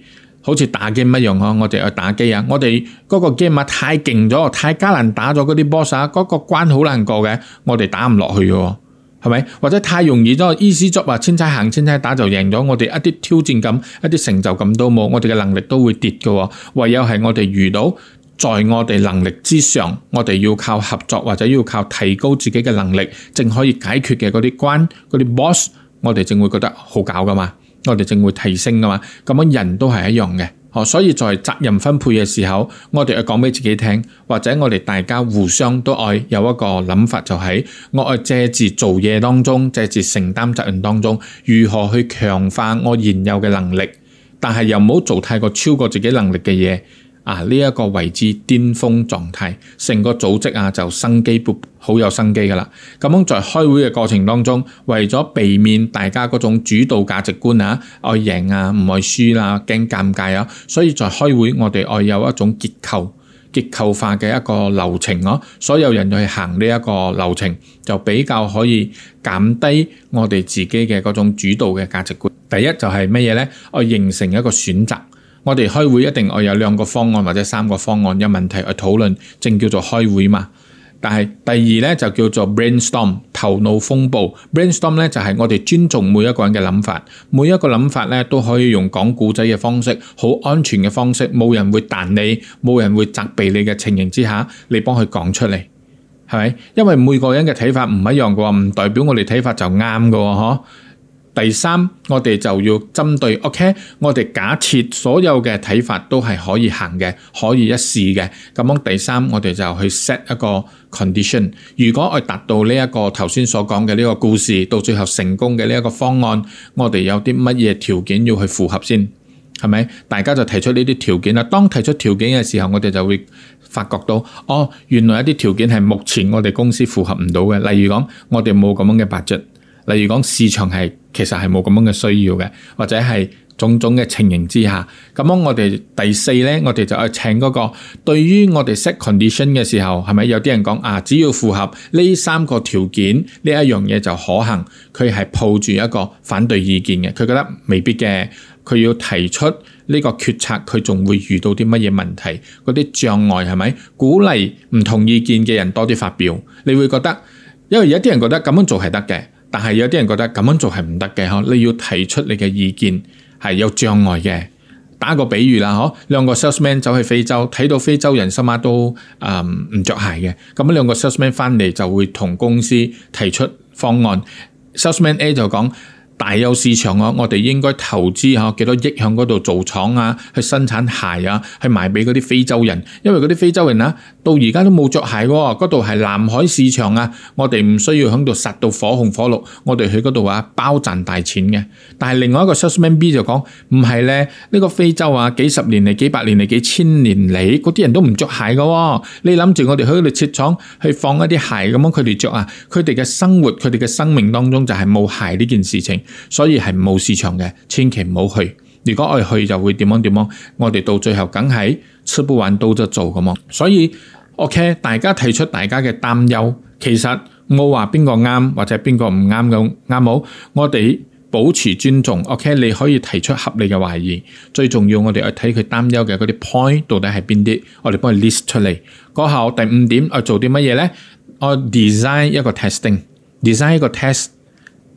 好似打機乜樣啊？我哋去打機啊！我哋嗰個 game 太勁咗，太艱難打咗嗰啲 boss，嗰個關好難過嘅，我哋打唔落去嘅，係咪？或者太容易都意思作、就、啊、是，千差行千差打就贏咗，我哋一啲挑戰感、一啲成就感都冇，我哋嘅能力都會跌嘅。唯有係我哋遇到在我哋能力之上，我哋要靠合作或者要靠提高自己嘅能力，正可以解決嘅嗰啲關、嗰啲 boss，我哋正會覺得好搞噶嘛。我哋正會提升噶嘛，咁樣人都係一樣嘅。哦，所以在責任分配嘅時候，我哋要講俾自己聽，或者我哋大家互相都愛有一個諗法，就是，就係我愛借住做嘢當中，借住承擔責任當中，如何去強化我現有嘅能力，但係又唔好做太過超過自己能力嘅嘢。啊！呢、這、一個為之巔峰狀態，成個組織啊就生機勃勃，好有生機噶啦。咁樣在開會嘅過程當中，為咗避免大家嗰種主導價值觀啊，愛贏啊，唔愛輸啦，啊，驚尷尬啊，所以在開會我哋愛有一種結構結構化嘅一個流程哦，啊。所有人去行呢一個流程，就比較可以減低我哋自己嘅嗰種主導嘅價值觀。第一就係乜嘢咧？我形成一個選擇。我哋開會一定會有兩個方案或者三個方案有問題去討論，正叫做開會嘛。但係第二咧就叫做 brainstorm 頭腦風暴。brainstorm 咧就係我哋尊重每一個人嘅諗法，每一個諗法咧都可以用講故仔嘅方式，好安全嘅方式，冇人會彈你，冇人會責備你嘅情形之下，你幫佢講出嚟，係咪？因為每個人嘅睇法唔一樣嘅喎，唔代表我哋睇法就啱嘅喎，嗬。第三，我哋就要針對，OK，我哋假設所有嘅睇法都係可以行嘅，可以一試嘅。咁樣第三，我哋就去 set 一個 condition。如果我達到呢一個頭先所講嘅呢個故事，到最後成功嘅呢一個方案，我哋有啲乜嘢條件要去符合先，係咪？大家就提出呢啲條件啦。當提出條件嘅時候，我哋就會發覺到，哦，原來一啲條件係目前我哋公司符合唔到嘅。例如講，我哋冇咁樣嘅 budget，例如講市場係。其實係冇咁樣嘅需要嘅，或者係種種嘅情形之下，咁樣我哋第四呢，我哋就去請嗰個。對於我哋 set condition 嘅時候，係咪有啲人講啊？只要符合呢三個條件，呢一樣嘢就可行。佢係抱住一個反對意見嘅，佢覺得未必嘅。佢要提出呢個決策，佢仲會遇到啲乜嘢問題？嗰啲障礙係咪？鼓勵唔同意見嘅人多啲發表，你會覺得，因為有啲人覺得咁樣做係得嘅。但係有啲人覺得咁樣做係唔得嘅呵，你要提出你嘅意見係有障礙嘅。打個比喻啦，呵，兩個 salesman 走去非洲，睇到非洲人什、嗯、麼都誒唔着鞋嘅，咁樣兩個 salesman 翻嚟就會同公司提出方案。salesman A 就講。大有市場啊，我哋應該投資下幾多億喺嗰度造廠啊，去生產鞋啊，去賣畀嗰啲非洲人。因為嗰啲非洲人啊，到而家都冇着鞋喎。嗰度係南海市場啊，我哋唔需要響度殺到火紅火綠，我哋去嗰度啊包賺大錢嘅。但係另外一個 Susman B 就講，唔係咧，呢個非洲啊幾十年嚟，幾百年嚟，幾千年嚟，嗰啲人都唔着鞋嘅。你諗住我哋喺度設廠去放一啲鞋咁樣，佢哋着啊？佢哋嘅生活佢哋嘅生命當中就係冇鞋呢件事情。所以係冇市場嘅，千祈唔好去。如果我去就會點樣點樣，我哋到最後梗係吃不完都就做㗎嘛。所以 OK，大家提出大家嘅擔憂，其實我話邊個啱或者邊個唔啱咁啱冇？我哋保持尊重。OK，你可以提出合理嘅懷疑，最重要我哋去睇佢擔憂嘅嗰啲 point 到底係邊啲，我哋幫佢 list 出嚟。嗰下第五點我做啲乜嘢咧？我 design 一個 testing，design 一個 test。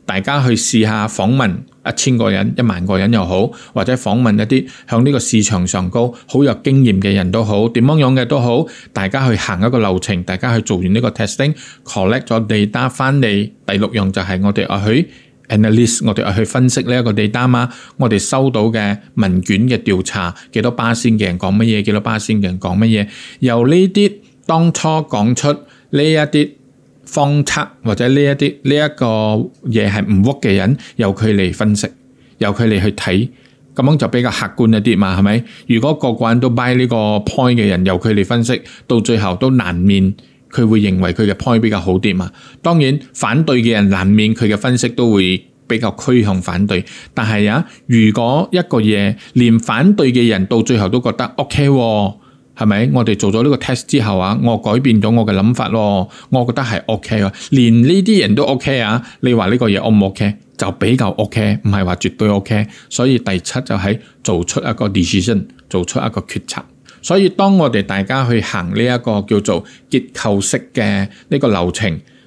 大家去試下訪問一千個人、一萬個人又好，或者訪問一啲向呢個市場上高好有經驗嘅人都好，點樣樣嘅都好，大家去行一個流程，大家去做完呢個 testing，collect 咗地單翻嚟。第六樣就係我哋去 analyse，我哋去分析呢一個地單啊，我哋收到嘅問卷嘅調查，幾多巴仙嘅人講乜嘢，幾多巴仙嘅人講乜嘢，由呢啲當初講出呢一啲。方測或者呢一啲呢一個嘢係唔 work 嘅人，由佢嚟分析，由佢嚟去睇，咁樣就比較客觀一啲嘛，係咪？如果個個人都 buy 呢個 point 嘅人，由佢嚟分析，到最後都難免佢會認為佢嘅 point 比較好啲嘛。當然，反對嘅人難免佢嘅分析都會比較趨向反對。但係啊，如果一個嘢連反對嘅人到最後都覺得 OK 喎、啊。係咪？我哋做咗呢個 test 之後啊，我改變咗我嘅諗法咯，我覺得係 ok 啊，連呢啲人都 ok 啊，你話呢個嘢 o 唔 ok？就比較 ok，唔係話絕對 ok。所以第七就係做出一個 decision，做出一個決策。所以當我哋大家去行呢一個叫做結構式嘅呢個流程，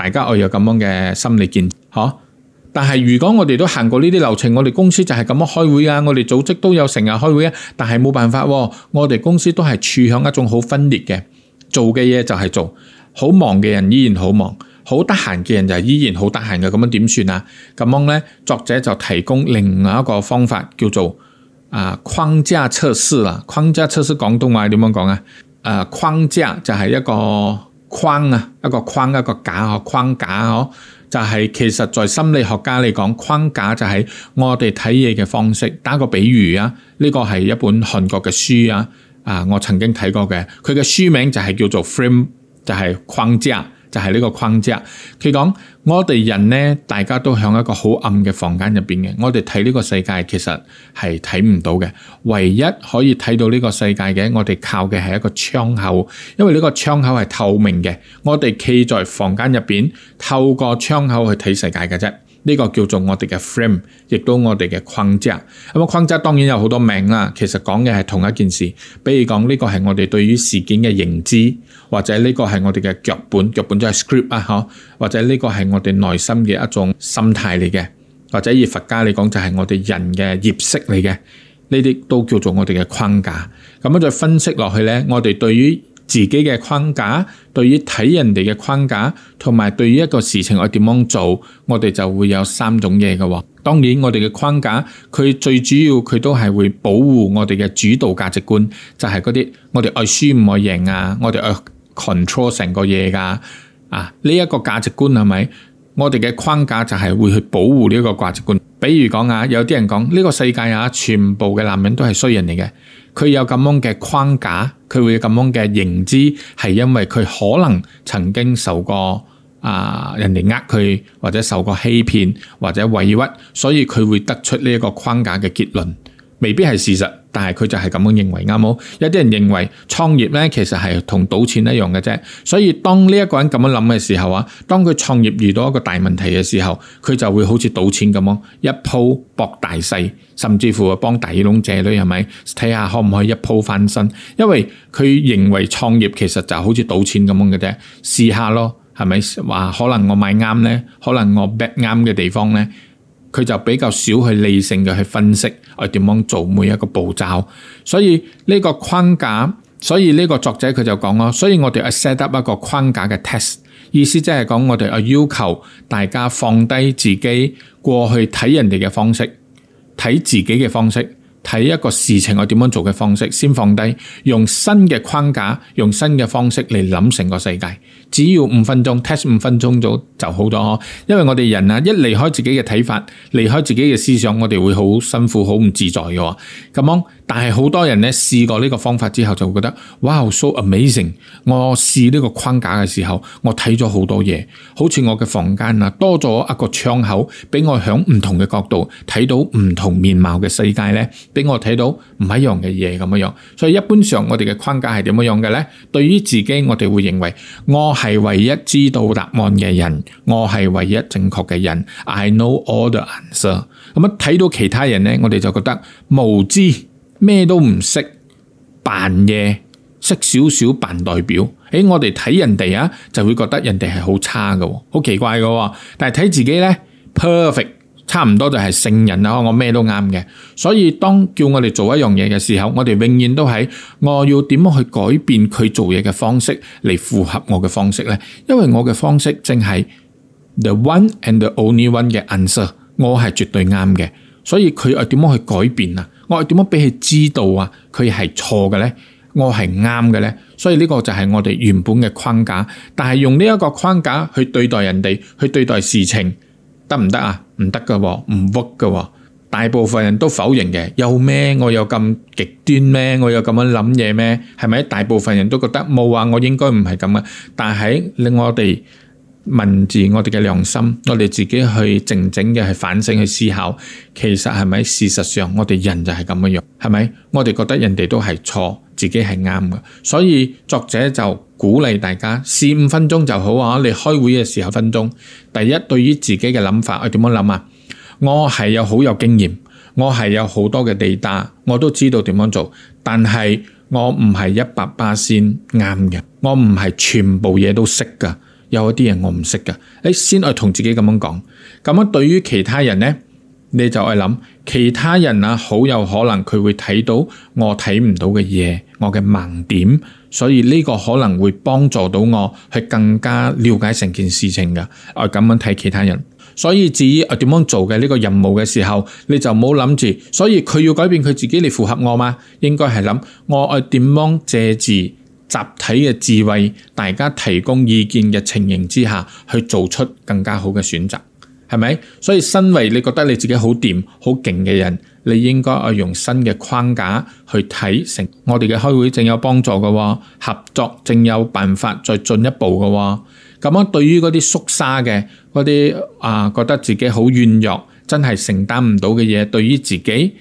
大家要有咁樣嘅心理建設，吓。但係如果我哋都行過呢啲流程，我哋公司就係咁樣開會啊。我哋組織都有成日開會啊。但係冇辦法，我哋公司都係處向一種好分裂嘅，做嘅嘢就係做，好忙嘅人依然好忙，好得閒嘅人就係依然好得閒嘅。咁樣點算啊？咁樣呢，作者就提供另外一個方法，叫做啊框架測試啦。框架測試廣東話點樣講啊？誒、呃，框架就係一個。框啊，一個框一個架哦，框架哦、啊，就係、是、其實在心理學家嚟講，框架就係我哋睇嘢嘅方式。打個比喻啊，呢、這個係一本韓國嘅書啊，啊，我曾經睇過嘅，佢嘅書名就係叫做《Frame》，就係框架，就係、是、呢個框架。佢講。我哋人呢，大家都向一個好暗嘅房間入邊嘅，我哋睇呢個世界其實係睇唔到嘅，唯一可以睇到呢個世界嘅，我哋靠嘅係一個窗口，因為呢個窗口係透明嘅，我哋企在房間入邊，透過窗口去睇世界嘅啫。呢個叫做我哋嘅 frame，亦都我哋嘅框架。咁啊，框架當然有好多名啦。其實講嘅係同一件事。比如講，呢個係我哋對於事件嘅認知，或者呢個係我哋嘅腳本，腳本都係 script 啊，嗬。或者呢個係我哋內心嘅一種心態嚟嘅，或者以佛家嚟講就係我哋人嘅業識嚟嘅。呢啲都叫做我哋嘅框架。咁樣再分析落去咧，我哋對於自己嘅框架，對於睇人哋嘅框架，同埋對於一個事情我點樣做，我哋就會有三種嘢嘅喎。當然我哋嘅框架，佢最主要佢都係會保護我哋嘅主導價值觀，就係嗰啲我哋愛輸唔愛贏啊，我哋愛 control 成個嘢噶啊，呢一個價值觀係咪？我哋嘅框架就係會去保護呢一個價值觀。比如講啊，有啲人講呢個世界啊，全部嘅男人都係衰人嚟嘅。佢有咁樣嘅框架，佢會有咁樣嘅認知，係因為佢可能曾經受過啊、呃、人哋呃佢，或者受過欺騙，或者委屈，所以佢會得出呢一個框架嘅結論。未必係事實，但係佢就係咁樣認為啱冇？有啲人認為創業呢其實係同賭錢一樣嘅啫。所以當呢一個人咁樣諗嘅時候啊，當佢創業遇到一個大問題嘅時候，佢就會好似賭錢咁樣一鋪搏大細，甚至乎啊幫大耳窿借女，係咪睇下可唔可以一鋪翻身？因為佢認為創業其實就好似賭錢咁樣嘅啫，試下咯，係咪話可能我買啱呢，可能我 bet 啱嘅地方呢。佢就比較少去理性嘅去分析，我點樣做每一個步驟，所以呢個框架，所以呢個作者佢就講咯，所以我哋要 set up 一個框架嘅 test，意思即係講我哋要要求大家放低自己過去睇人哋嘅方式，睇自己嘅方式。睇一個事情我點樣做嘅方式，先放低，用新嘅框架，用新嘅方式嚟諗成個世界。只要五分鐘，test 五分鐘就好咗。因為我哋人啊，一離開自己嘅睇法，離開自己嘅思想，我哋會好辛苦，好唔自在嘅喎。咁樣。但係好多人咧試過呢個方法之後就會覺得，哇、wow，so amazing！我試呢個框架嘅時候，我睇咗好多嘢，好似我嘅房間啊，多咗一個窗口，俾我喺唔同嘅角度睇到唔同面貌嘅世界咧，俾我睇到唔一樣嘅嘢咁樣。所以一般上我哋嘅框架係點樣樣嘅咧？對於自己我哋會認為我係唯一知道答案嘅人，我係唯一正確嘅人，I know all the answer。咁一睇到其他人咧，我哋就覺得無知。咩都唔識扮嘢，識少少扮代表。哎，我哋睇人哋啊，就會覺得人哋係好差嘅，好奇怪嘅。但係睇自己咧，perfect，差唔多就係聖人啊！我咩都啱嘅。所以當叫我哋做一樣嘢嘅時候，我哋永遠都係我要點樣去改變佢做嘢嘅方式嚟符合我嘅方式咧？因為我嘅方式正係 the one and the only one 嘅 answer，我係絕對啱嘅。所以佢要點樣去改變啊？我點樣俾佢知道啊，佢係錯嘅呢，我係啱嘅呢？所以呢個就係我哋原本嘅框架。但係用呢一個框架去對待人哋，去對待事情，得唔得啊？唔得嘅，唔郁㗎喎。大部分人都否認嘅。有咩我有咁極端咩？我有咁樣諗嘢咩？係咪？大部分人都覺得冇啊。我應該唔係咁啊。但係令我哋。問住我哋嘅良心，我哋自己去靜靜嘅去反省去思考，其實係咪事實上我哋人就係咁嘅樣，係咪？我哋覺得人哋都係錯，自己係啱嘅，所以作者就鼓勵大家四五分鐘就好啊。你開會嘅時候分鐘，第一對於自己嘅諗法，我點樣諗啊？我係有好有經驗，我係有好多嘅地帶，我都知道點樣做，但係我唔係一百八先啱嘅，我唔係全部嘢都識噶。有一啲人我唔識噶，哎，先去同自己咁樣講，咁樣對於其他人咧，你就去諗，其他人啊好有可能佢會睇到我睇唔到嘅嘢，我嘅盲點，所以呢個可能會幫助到我去更加了解成件事情噶，我咁樣睇其他人，所以至於我點樣做嘅呢個任務嘅時候，你就冇諗住，所以佢要改變佢自己嚟符合我嘛，應該係諗我愛點樣借字。集體嘅智慧，大家提供意見嘅情形之下，去做出更加好嘅選擇，係咪？所以身為你覺得你自己好掂、好勁嘅人，你應該去用新嘅框架去睇，成我哋嘅開會正有幫助嘅喎、哦，合作正有辦法再進一步嘅喎、哦。咁樣對於嗰啲縮沙嘅嗰啲啊，覺得自己好軟弱，真係承擔唔到嘅嘢，對於自己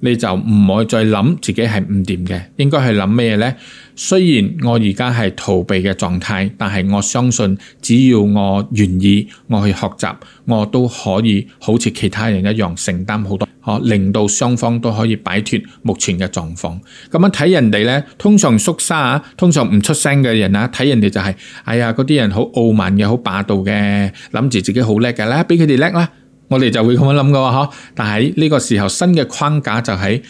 你就唔可以再諗自己係唔掂嘅，應該去諗咩呢？雖然我而家係逃避嘅狀態，但係我相信只要我願意，我去學習，我都可以好似其他人一樣承擔好多，令到雙方都可以擺脱目前嘅狀況。咁樣睇人哋呢，通常縮沙啊，通常唔出聲嘅人啊，睇人哋就係，哎呀，嗰啲人好傲慢嘅，好霸道嘅，諗住自己好叻嘅，咧俾佢哋叻啦，我哋就會咁樣諗嘅喎，但係呢個時候新嘅框架就係，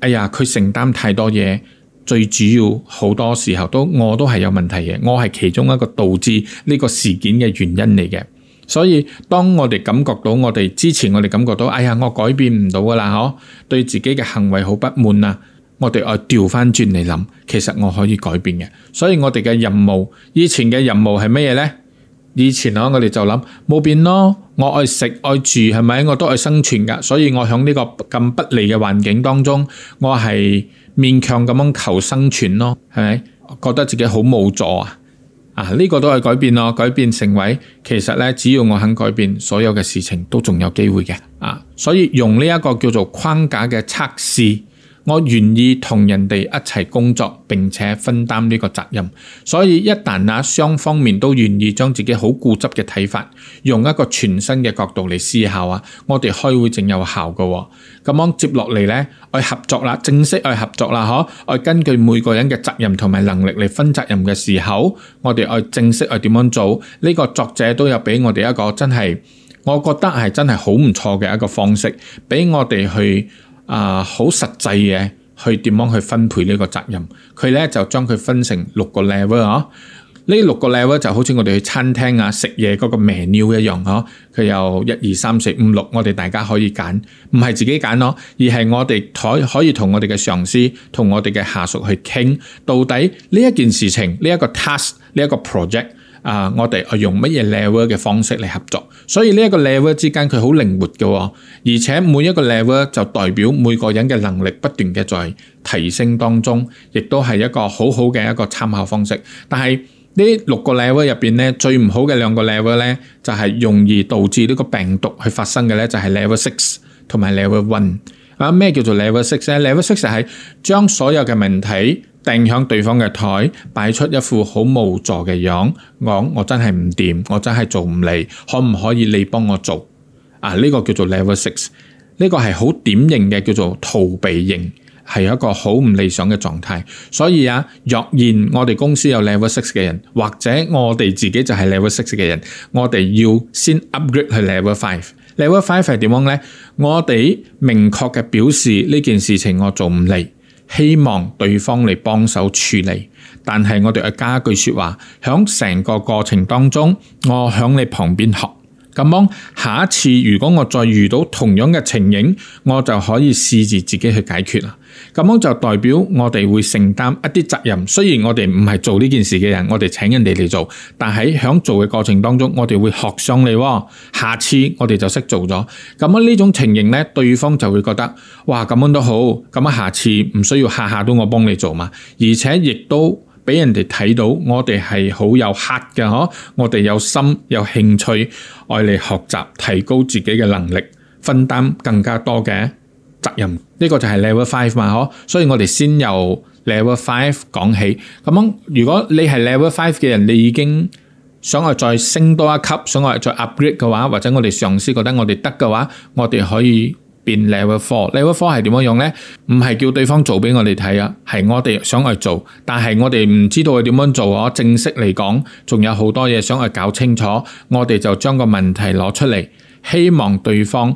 哎呀，佢承擔太多嘢。最主要好多時候都，我都係有問題嘅，我係其中一個導致呢個事件嘅原因嚟嘅。所以當我哋感覺到我哋之前，我哋感覺到哎呀，我改變唔到噶啦，嗬，對自己嘅行為好不滿啊，我哋愛調翻轉嚟諗，其實我可以改變嘅。所以我哋嘅任務，以前嘅任務係乜嘢咧？以前啊，我哋就諗冇變咯，我愛食愛住係咪？我都愛生存噶，所以我響呢個咁不利嘅環境當中，我係。勉強咁樣求生存咯，係咪？覺得自己好無助啊！啊，呢個都係改變咯，改變成為其實咧，只要我肯改變，所有嘅事情都仲有機會嘅。啊，所以用呢一個叫做框架嘅測試。我願意同人哋一齊工作，並且分擔呢個責任。所以一旦那雙方面都願意將自己好固執嘅睇法，用一個全新嘅角度嚟思考啊，我哋開會正有效噶。咁樣接落嚟呢，我合作啦，正式去合作啦，嗬！我根據每個人嘅責任同埋能力嚟分責任嘅時候，我哋去正式去點樣做？呢個作者都有俾我哋一個真係，我覺得係真係好唔錯嘅一個方式，俾我哋去。啊，好、uh, 實際嘅去點樣去分配呢個責任？佢咧就將佢分成六個 level 呵、哦，呢六個 level 就好似我哋去餐廳啊食嘢嗰個 menu 一樣呵，佢、哦、有一二三四五六，我哋大家可以揀，唔係自己揀咯，而係我哋台可以同我哋嘅上司同我哋嘅下屬去傾，到底呢一件事情呢一、呢個 task 呢一個 project。啊！Uh, 我哋啊用乜嘢 level 嘅方式嚟合作，所以呢一個 level 之間佢好靈活嘅、哦，而且每一個 level 就代表每個人嘅能力不斷嘅在提升當中，亦都係一個好好嘅一個參考方式。但係呢六個 level 入邊咧，最唔好嘅兩個 level 咧，就係、是、容易導致呢個病毒去發生嘅咧，就係 level six 同埋 level one 啊。咩叫做 level six 咧？level six 就係將所有嘅問題。定喺對方嘅台，擺出一副好無助嘅樣，講我真係唔掂，我真係做唔嚟，可唔可以你幫我做？啊，呢、這個叫做 level six，呢個係好典型嘅叫做逃避型，係一個好唔理想嘅狀態。所以啊，若然我哋公司有 level six 嘅人，或者我哋自己就係 level six 嘅人，我哋要先 upgrade 去 level five。level five 係點樣呢？我哋明確嘅表示呢件事情我做唔嚟，希望對方嚟幫手處理，但係我哋要加一句説話，喺成個過程當中，我喺你旁邊學，咁樣下一次如果我再遇到同樣嘅情形，我就可以試住自，自己去解決啦。咁樣就代表我哋會承擔一啲責任，雖然我哋唔係做呢件事嘅人，我哋請人哋嚟做，但喺響做嘅過程當中，我哋會學上嚟，下次我哋就識做咗。咁樣呢種情形咧，對方就會覺得，哇，咁樣都好，咁啊，下次唔需要下下都我幫你做嘛，而且亦都俾人哋睇到我哋係好有 heart 嘅，嗬，我哋有心、有興趣，愛嚟學習、提高自己嘅能力，分擔更加多嘅。責任呢個就係 level five 嘛，嗬，所以我哋先由 level five 講起。咁樣如果你係 level five 嘅人，你已經想我哋再升多一級，想我哋再 upgrade 嘅話，或者我哋上司覺得我哋得嘅話，我哋可以變 level four。level four 係點樣用呢？唔係叫對方做俾我哋睇啊，係我哋想去做，但係我哋唔知道佢點樣做啊。正式嚟講，仲有好多嘢想去搞清楚，我哋就將個問題攞出嚟，希望對方。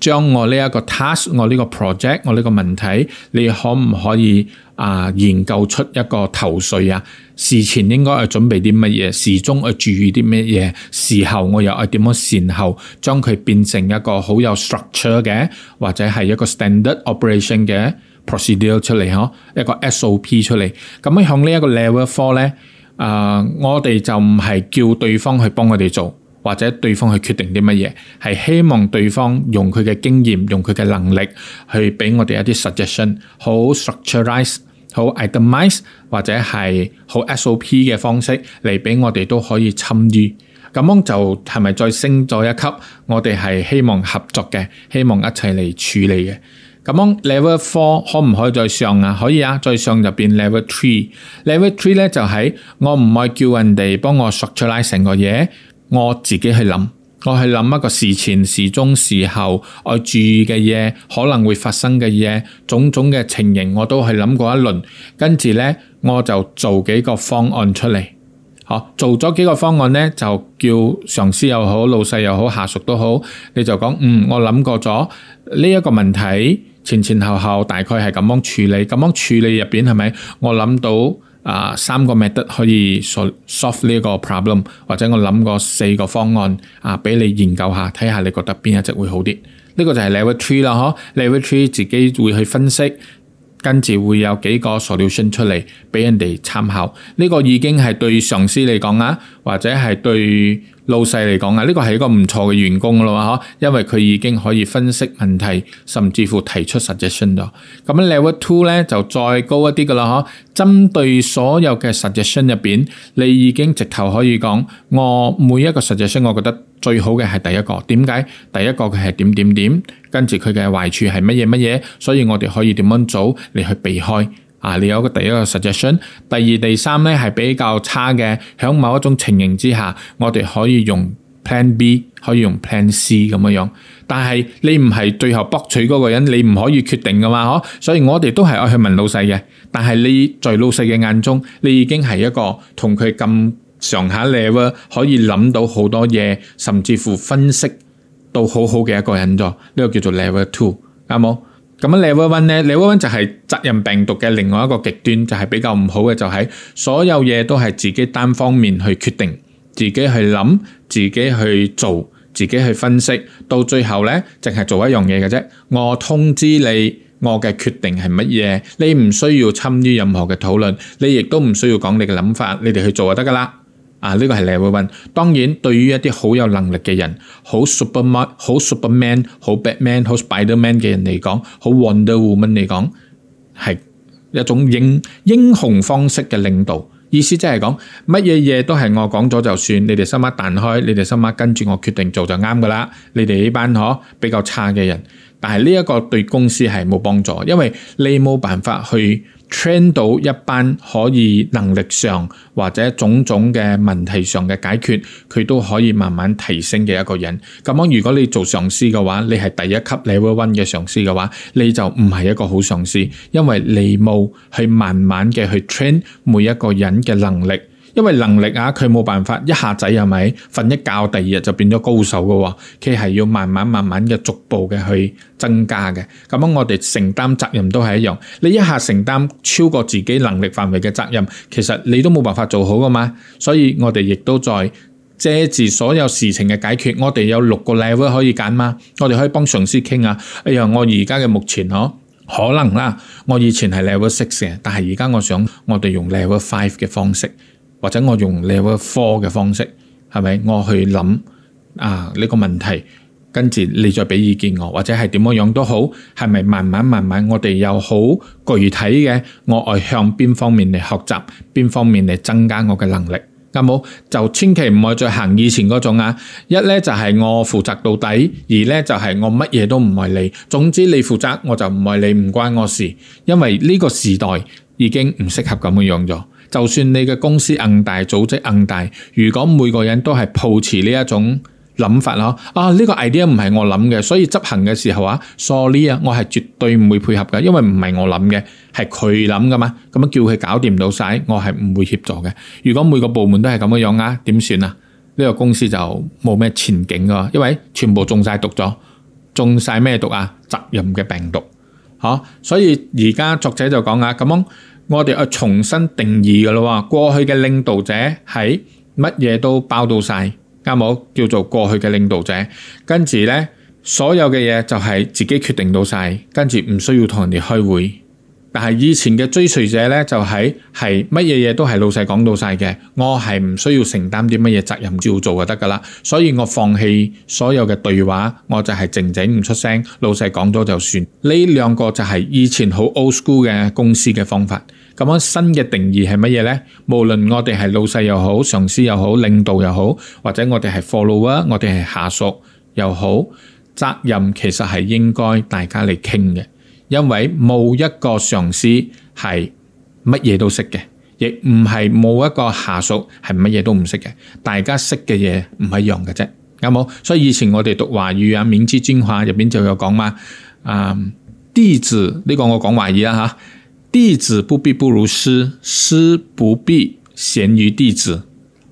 將我呢一個 task，我呢個 project，我呢個問題，你可唔可以啊研究出一個頭緒啊？事前應該係準備啲乜嘢？事中要注意啲乜嘢？事後我又係點樣善後？將佢變成一個好有 structure 嘅，或者係一個 standard operation 嘅 procedure 出嚟呵，一個 SOP 出嚟。咁樣向呢一個 level four 咧，啊，我哋就唔係叫對方去幫我哋做。或者對方去決定啲乜嘢，係希望對方用佢嘅經驗，用佢嘅能力去俾我哋一啲 suggestion，好，好，好，好 structureize 好 itemize 或者係好 SOP 嘅方式嚟俾我哋都可以參與。咁樣就係咪再升咗一級？我哋係希望合作嘅，希望一齊嚟處理嘅。咁樣 level four 可唔可以再上啊？可以啊，再上就變 level three。level three 咧就係我唔愛叫人哋幫我 structureize 成個嘢。我自己去諗，我係諗一個事前、事中、事後我注意嘅嘢，可能會發生嘅嘢，種種嘅情形，我都係諗過一輪，跟住咧我就做幾個方案出嚟，做咗幾個方案咧就叫上司又好、老細又好、下屬都好，你就講嗯，我諗過咗呢一個問題前前後後大概係咁樣處理，咁樣處理入邊係咪我諗到？啊，三個 method 可以 sol solve 呢一個 problem，或者我諗過四個方案啊，俾你研究下，睇下你覺得邊一隻會好啲。呢、呢個就係 level three 啦，嗬、啊、level three 自己會去分析。跟住會有幾個 solution 出嚟俾人哋參考，呢、這個已經係對上司嚟講啊，或者係對老細嚟講啊，呢、這個係一個唔錯嘅員工噶咯，因為佢已經可以分析問題，甚至乎提出實際信咗。咁 level two 咧就再高一啲噶啦，嗬。針對所有嘅實際信入邊，你已經直頭可以講，我每一個實際信，我覺得。最好嘅係第一個，點解第一個佢係點點點，跟住佢嘅壞處係乜嘢乜嘢，所以我哋可以點樣做，你去避開啊！你有一個第一個 suggestion，第二、第三咧係比較差嘅，喺某一種情形，之下，我哋可以用 Plan B，可以用 Plan C 咁樣樣。但係你唔係最後剝取嗰個人，你唔可以決定噶嘛，嗬？所以我哋都係愛去問老細嘅，但係你在老細嘅眼中，你已經係一個同佢咁。上下 level 可以諗到好多嘢，甚至乎分析到好好嘅一個人咗，呢個叫做 level two，啱冇？咁樣 level one 咧，level one 就係責任病毒嘅另外一個極端，就係比較唔好嘅，就係所有嘢都係自己單方面去決定，自己去諗，自己去做，自己去分析，到最後咧淨係做一樣嘢嘅啫。我通知你，我嘅決定係乜嘢，你唔需要參與任何嘅討論，你亦都唔需要講你嘅諗法，你哋去做就得噶啦。啊！呢、這個係 level one，當然對於一啲好有能力嘅人，好 superman Super、好 superman、好 batman 好 spiderman 嘅人嚟講，好 wonderwoman 嚟講，係一種英英雄方式嘅領導。意思即係講乜嘢嘢都係我講咗就算，你哋心一彈開，你哋心一跟住我決定做就啱噶啦。你哋呢班可比較差嘅人，但係呢一個對公司係冇幫助，因為你冇辦法去。train 到一班可以能力上或者種種嘅問題上嘅解決，佢都可以慢慢提升嘅一個人。咁樣如果你做上司嘅話，你係第一級 level one 嘅上司嘅話，你就唔係一個好上司，因為你冇去慢慢嘅去 train 每一個人嘅能力。因為能力啊，佢冇辦法一下子係咪瞓一覺，第二日就變咗高手噶喎？佢係要慢慢慢慢嘅逐步嘅去增加嘅。咁樣我哋承擔責任都係一樣。你一下承擔超過自己能力範圍嘅責任，其實你都冇辦法做好噶嘛。所以我哋亦都在藉住所有事情嘅解決，我哋有六個 level 可以揀嘛。我哋可以幫上司傾啊。哎呀，我而家嘅目前可可能啦。我以前係 level six 嘅，但係而家我想我哋用 level five 嘅方式。或者我用 level four 嘅方式，係咪？我去諗啊呢、這個問題，跟住你再畀意見我，或者係點樣樣都好，係咪慢慢慢慢我哋又好具體嘅，我愛向邊方面嚟學習，邊方面嚟增加我嘅能力，咁好，就千祈唔好再行以前嗰種啊！一咧就係、是、我負責到底，二咧就係、是、我乜嘢都唔係你，總之你負責我就唔係你，唔關我事，因為呢個時代已經唔適合咁樣樣咗。就算你嘅公司硬大組織硬大，如果每個人都係抱持呢一種諗法咯，啊呢個 idea 唔係我諗嘅，所以執行嘅時候啊，sorry 啊，我係絕對唔會配合嘅，因為唔係我諗嘅，係佢諗噶嘛，咁樣叫佢搞掂到晒，我係唔會協助嘅。如果每個部門都係咁嘅樣啊，點算啊？呢個公司就冇咩前景噶，因為全部中晒毒咗，中晒咩毒啊？責任嘅病毒，吓，所以而家作者就講啊，咁樣。我哋要重新定義嘅咯喎，過去嘅領導者係乜嘢都包到晒，啱冇？叫做過去嘅領導者，跟住咧，所有嘅嘢就係自己決定到晒。跟住唔需要同人哋開會。但係以前嘅追隨者咧、就是，就喺係乜嘢嘢都係老細講到晒嘅，我係唔需要承擔啲乜嘢責任，照做就得噶啦。所以我放棄所有嘅對話，我就係靜靜唔出聲，老細講咗就算。呢兩個就係以前好 old school 嘅公司嘅方法。咁樣新嘅定義係乜嘢咧？無論我哋係老細又好，上司又好，領導又好，或者我哋係 follower 啊，我哋係下屬又好，責任其實係應該大家嚟傾嘅。因為冇一個上司係乜嘢都識嘅，亦唔係冇一個下屬係乜嘢都唔識嘅，大家識嘅嘢唔一樣嘅啫，有冇？所以以前我哋讀華語啊，華《免之專化》入邊就有講嘛，啊、嗯，弟子呢個我講華語啦吓，弟子不必不如師，師不必賢於弟子。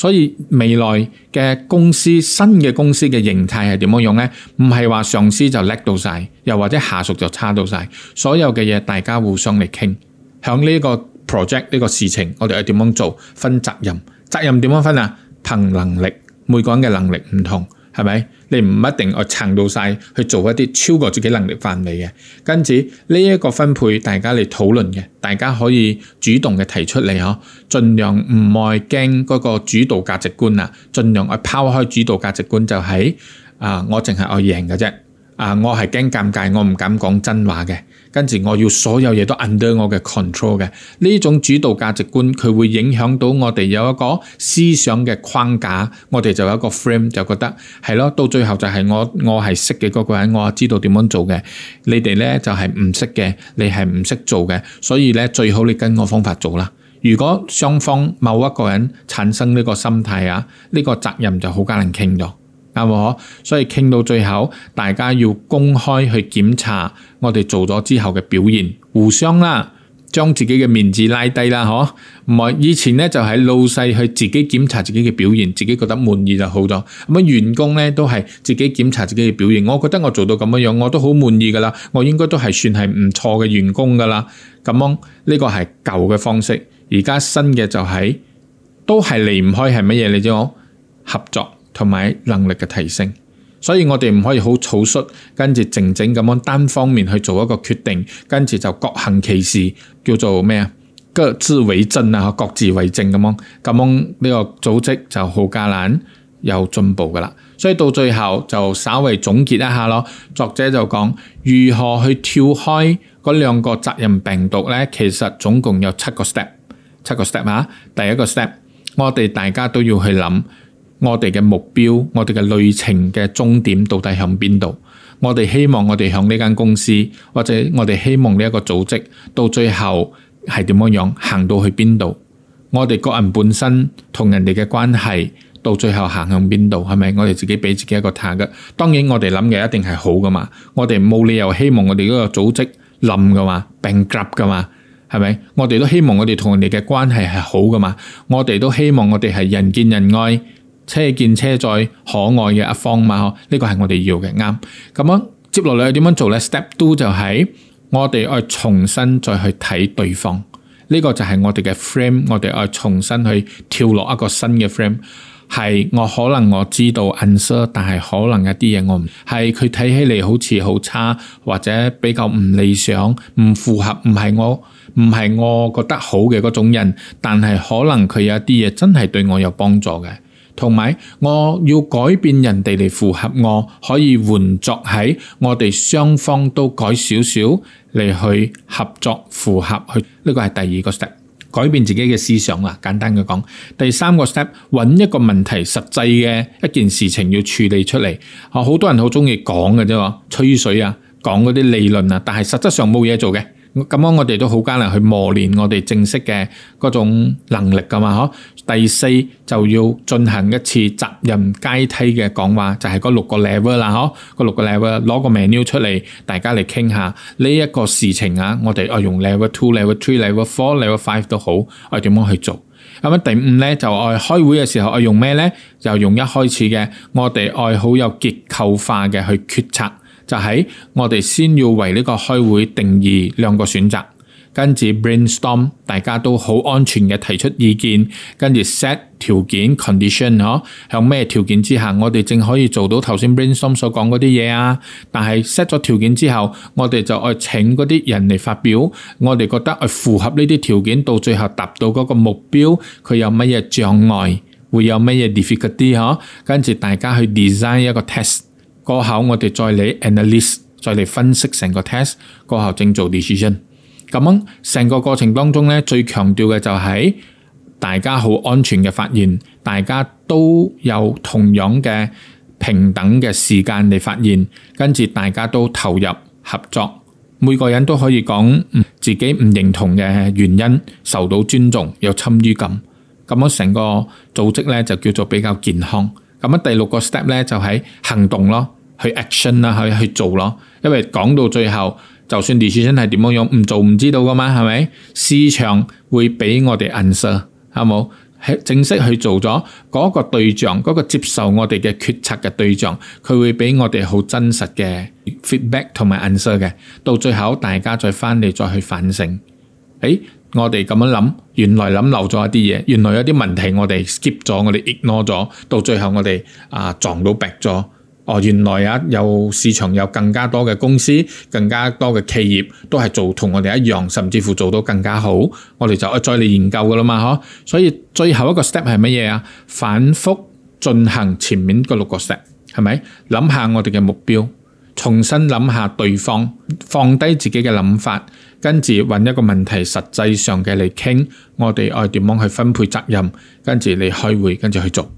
所以未來嘅公司，新嘅公司嘅形態係點樣用呢？唔係話上司就叻到曬，又或者下屬就差到曬。所有嘅嘢大家互相嚟傾，響呢一個 project 呢個事情，我哋要點樣做？分責任，責任點樣分啊？憑能力，每個人嘅能力唔同。係咪？你唔一定要撐到晒，去做一啲超過自己能力範圍嘅，跟住呢一個分配大家嚟討論嘅，大家可以主動嘅提出嚟哦，盡量唔愛驚嗰個主導價值觀啊，盡量去拋開主導價值觀就係啊，我淨係愛贏嘅啫，啊，我係驚尷尬，我唔敢講真話嘅。跟住我要所有嘢都 under 我嘅 control 嘅呢種主導價值觀，佢會影響到我哋有一個思想嘅框架，我哋就有一個 frame 就覺得係咯，到最後就係我我係識嘅嗰個人，我知道點樣做嘅，你哋咧就係、是、唔識嘅，你係唔識做嘅，所以咧最好你跟我方法做啦。如果雙方某一個人產生呢個心態啊，呢、呢個責任就好艱難傾咗。啊，所以傾到最後，大家要公開去檢查我哋做咗之後嘅表現，互相啦，將自己嘅面子拉低啦，嗬、啊。唔係以前呢，就係、是、老細去自己檢查自己嘅表現，自己覺得滿意就好咗。咁啊，員工呢，都係自己檢查自己嘅表現，我覺得我做到咁樣樣，我都好滿意噶啦，我應該都係算係唔錯嘅員工噶啦。咁樣呢個係舊嘅方式，而家新嘅就係、是、都係離唔開係乜嘢？你知我合作。同埋能力嘅提升，所以我哋唔可以好草率，跟住靜靜咁樣單方面去做一個決定，跟住就各行其事，叫做咩啊？各自為政啊，各自為政咁樣，咁樣呢個組織就好艱難有進步噶啦。所以到最後就稍微總結一下咯。作者就講，如何去跳開嗰兩個責任病毒咧？其實總共有七個 step，七個 step 啊。第一個 step，我哋大家都要去諗。我哋嘅目標，我哋嘅旅程嘅終點到底向邊度？我哋希望我哋向呢間公司，或者我哋希望呢一個組織到最後係點樣行到去邊度？我哋個人本身同人哋嘅關係到最後行向邊度？係咪我哋自己畀自己一個 target？當然我哋諗嘅一定係好噶嘛。我哋冇理由希望我哋嗰個組織冧噶嘛，病急噶嘛，係咪？我哋都希望我哋同人哋嘅關係係好噶嘛。我哋都希望我哋係人見人愛，車見車載可愛嘅一方嘛，呢個係我哋要嘅啱。咁樣接落嚟係點樣做呢？Step two 就係、是、我哋愛重新再去睇對方，呢個就係我哋嘅 frame，我哋愛重新去跳落一個新嘅 frame。係我可能我知道 unsure，但係可能一啲嘢我唔係佢睇起嚟好似好差或者比較唔理想，唔符合，唔係我唔係我覺得好嘅嗰種人，但係可能佢有一啲嘢真係對我有幫助嘅。同埋，我要改變人哋嚟符合我，可以換作喺我哋雙方都改少少嚟去合作符合去，呢個係第二個 step，改變自己嘅思想啦。簡單嘅講，第三個 step，揾一個問題實際嘅一件事情要處理出嚟。啊，好多人好鍾意講嘅啫，吹水啊，講嗰啲理論啊，但係實質上冇嘢做嘅。咁樣我哋都好艱難去磨練我哋正式嘅嗰種能力噶嘛，嗬。第四就要進行一次責任階梯嘅講話，就係、是、嗰六個 level 啦，嗬。嗰六個 level 攞個 manual 出嚟，大家嚟傾下呢一、這個事情啊。我哋啊用 level two、level three、level four、level five 都好，啊點樣去做？咁、嗯、樣第五咧就愛開會嘅時候愛用咩咧？就用一開始嘅我哋愛好有結構化嘅去決策。就喺我哋先要為呢個開會定義兩個選擇，跟住 brainstorm，大家都好安全嘅提出意見，跟住 set 條件 condition 呵、哦，向咩條件之下我哋正可以做到頭先 brainstorm 所講嗰啲嘢啊。但係 set 咗條件之後，我哋就去請嗰啲人嚟發表，我哋覺得符合呢啲條件，到最後達到嗰個目標，佢有乜嘢障礙，會有乜嘢 difficulty 呵？跟住大家去 design 一個 test。過後我哋再嚟 analyse，再嚟分析成個 test，過後正做 decision。咁樣成個過程當中咧，最強調嘅就係大家好安全嘅發言，大家都有同樣嘅平等嘅時間嚟發言，跟住大家都投入合作，每個人都可以講自己唔認同嘅原因，受到尊重，有參與感。咁樣成個組織咧就叫做比較健康。咁樣第六個 step 咧就係行動咯。去 action 啦，去去做咯，因為講到最後，就算 decision 係點樣樣，唔做唔知道噶嘛，係咪？市場會俾我哋 answer，係冇？係正式去做咗嗰個對象，嗰個接受我哋嘅決策嘅對象，佢會俾我哋好真實嘅 feedback 同埋 answer 嘅。到最後大家再翻嚟再去反省，誒，我哋咁樣諗，原來諗漏咗一啲嘢，原來有啲問題我哋 skip 咗，我哋 ignore 咗，到最後我哋啊撞到壁咗。哦，原來啊，有市場有更加多嘅公司，更加多嘅企業都係做同我哋一樣，甚至乎做到更加好。我哋就再嚟研究㗎啦嘛，嗬。所以最後一個 step 係乜嘢啊？反覆進行前面個六個 step，係咪？諗下我哋嘅目標，重新諗下對方，放低自己嘅諗法，跟住揾一個問題實際上嘅嚟傾。我哋愛點樣去分配責任？跟住嚟開會，跟住去做。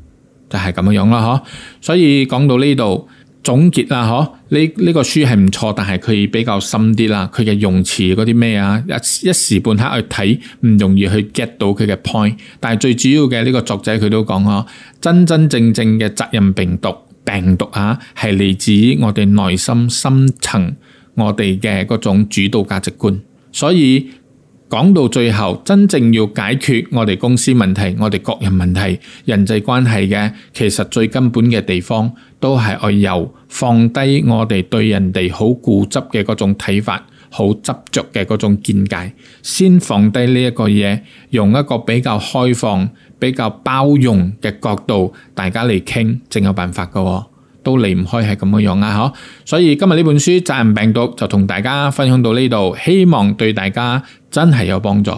就係咁樣樣啦，嗬，所以講到呢度總結啦，嗬，呢呢個書係唔錯，但係佢比較深啲啦，佢嘅用詞嗰啲咩啊一一時半刻去睇唔容易去 get 到佢嘅 point，但係最主要嘅呢個作者佢都講嗬，真真正正嘅責任病毒病毒啊，係嚟自我哋內心深層我哋嘅嗰種主導價值觀，所以。講到最後，真正要解決我哋公司問題、我哋個人問題、人際關係嘅，其實最根本嘅地方都係我由放低我哋對人哋好固執嘅嗰種睇法，好執着嘅嗰種見解，先放低呢一個嘢，用一個比較開放、比較包容嘅角度，大家嚟傾，正有辦法噶、哦，都離唔開係咁嘅樣啊！嗬，所以今日呢本書《責任病毒》就同大家分享到呢度，希望對大家。真係有幫助。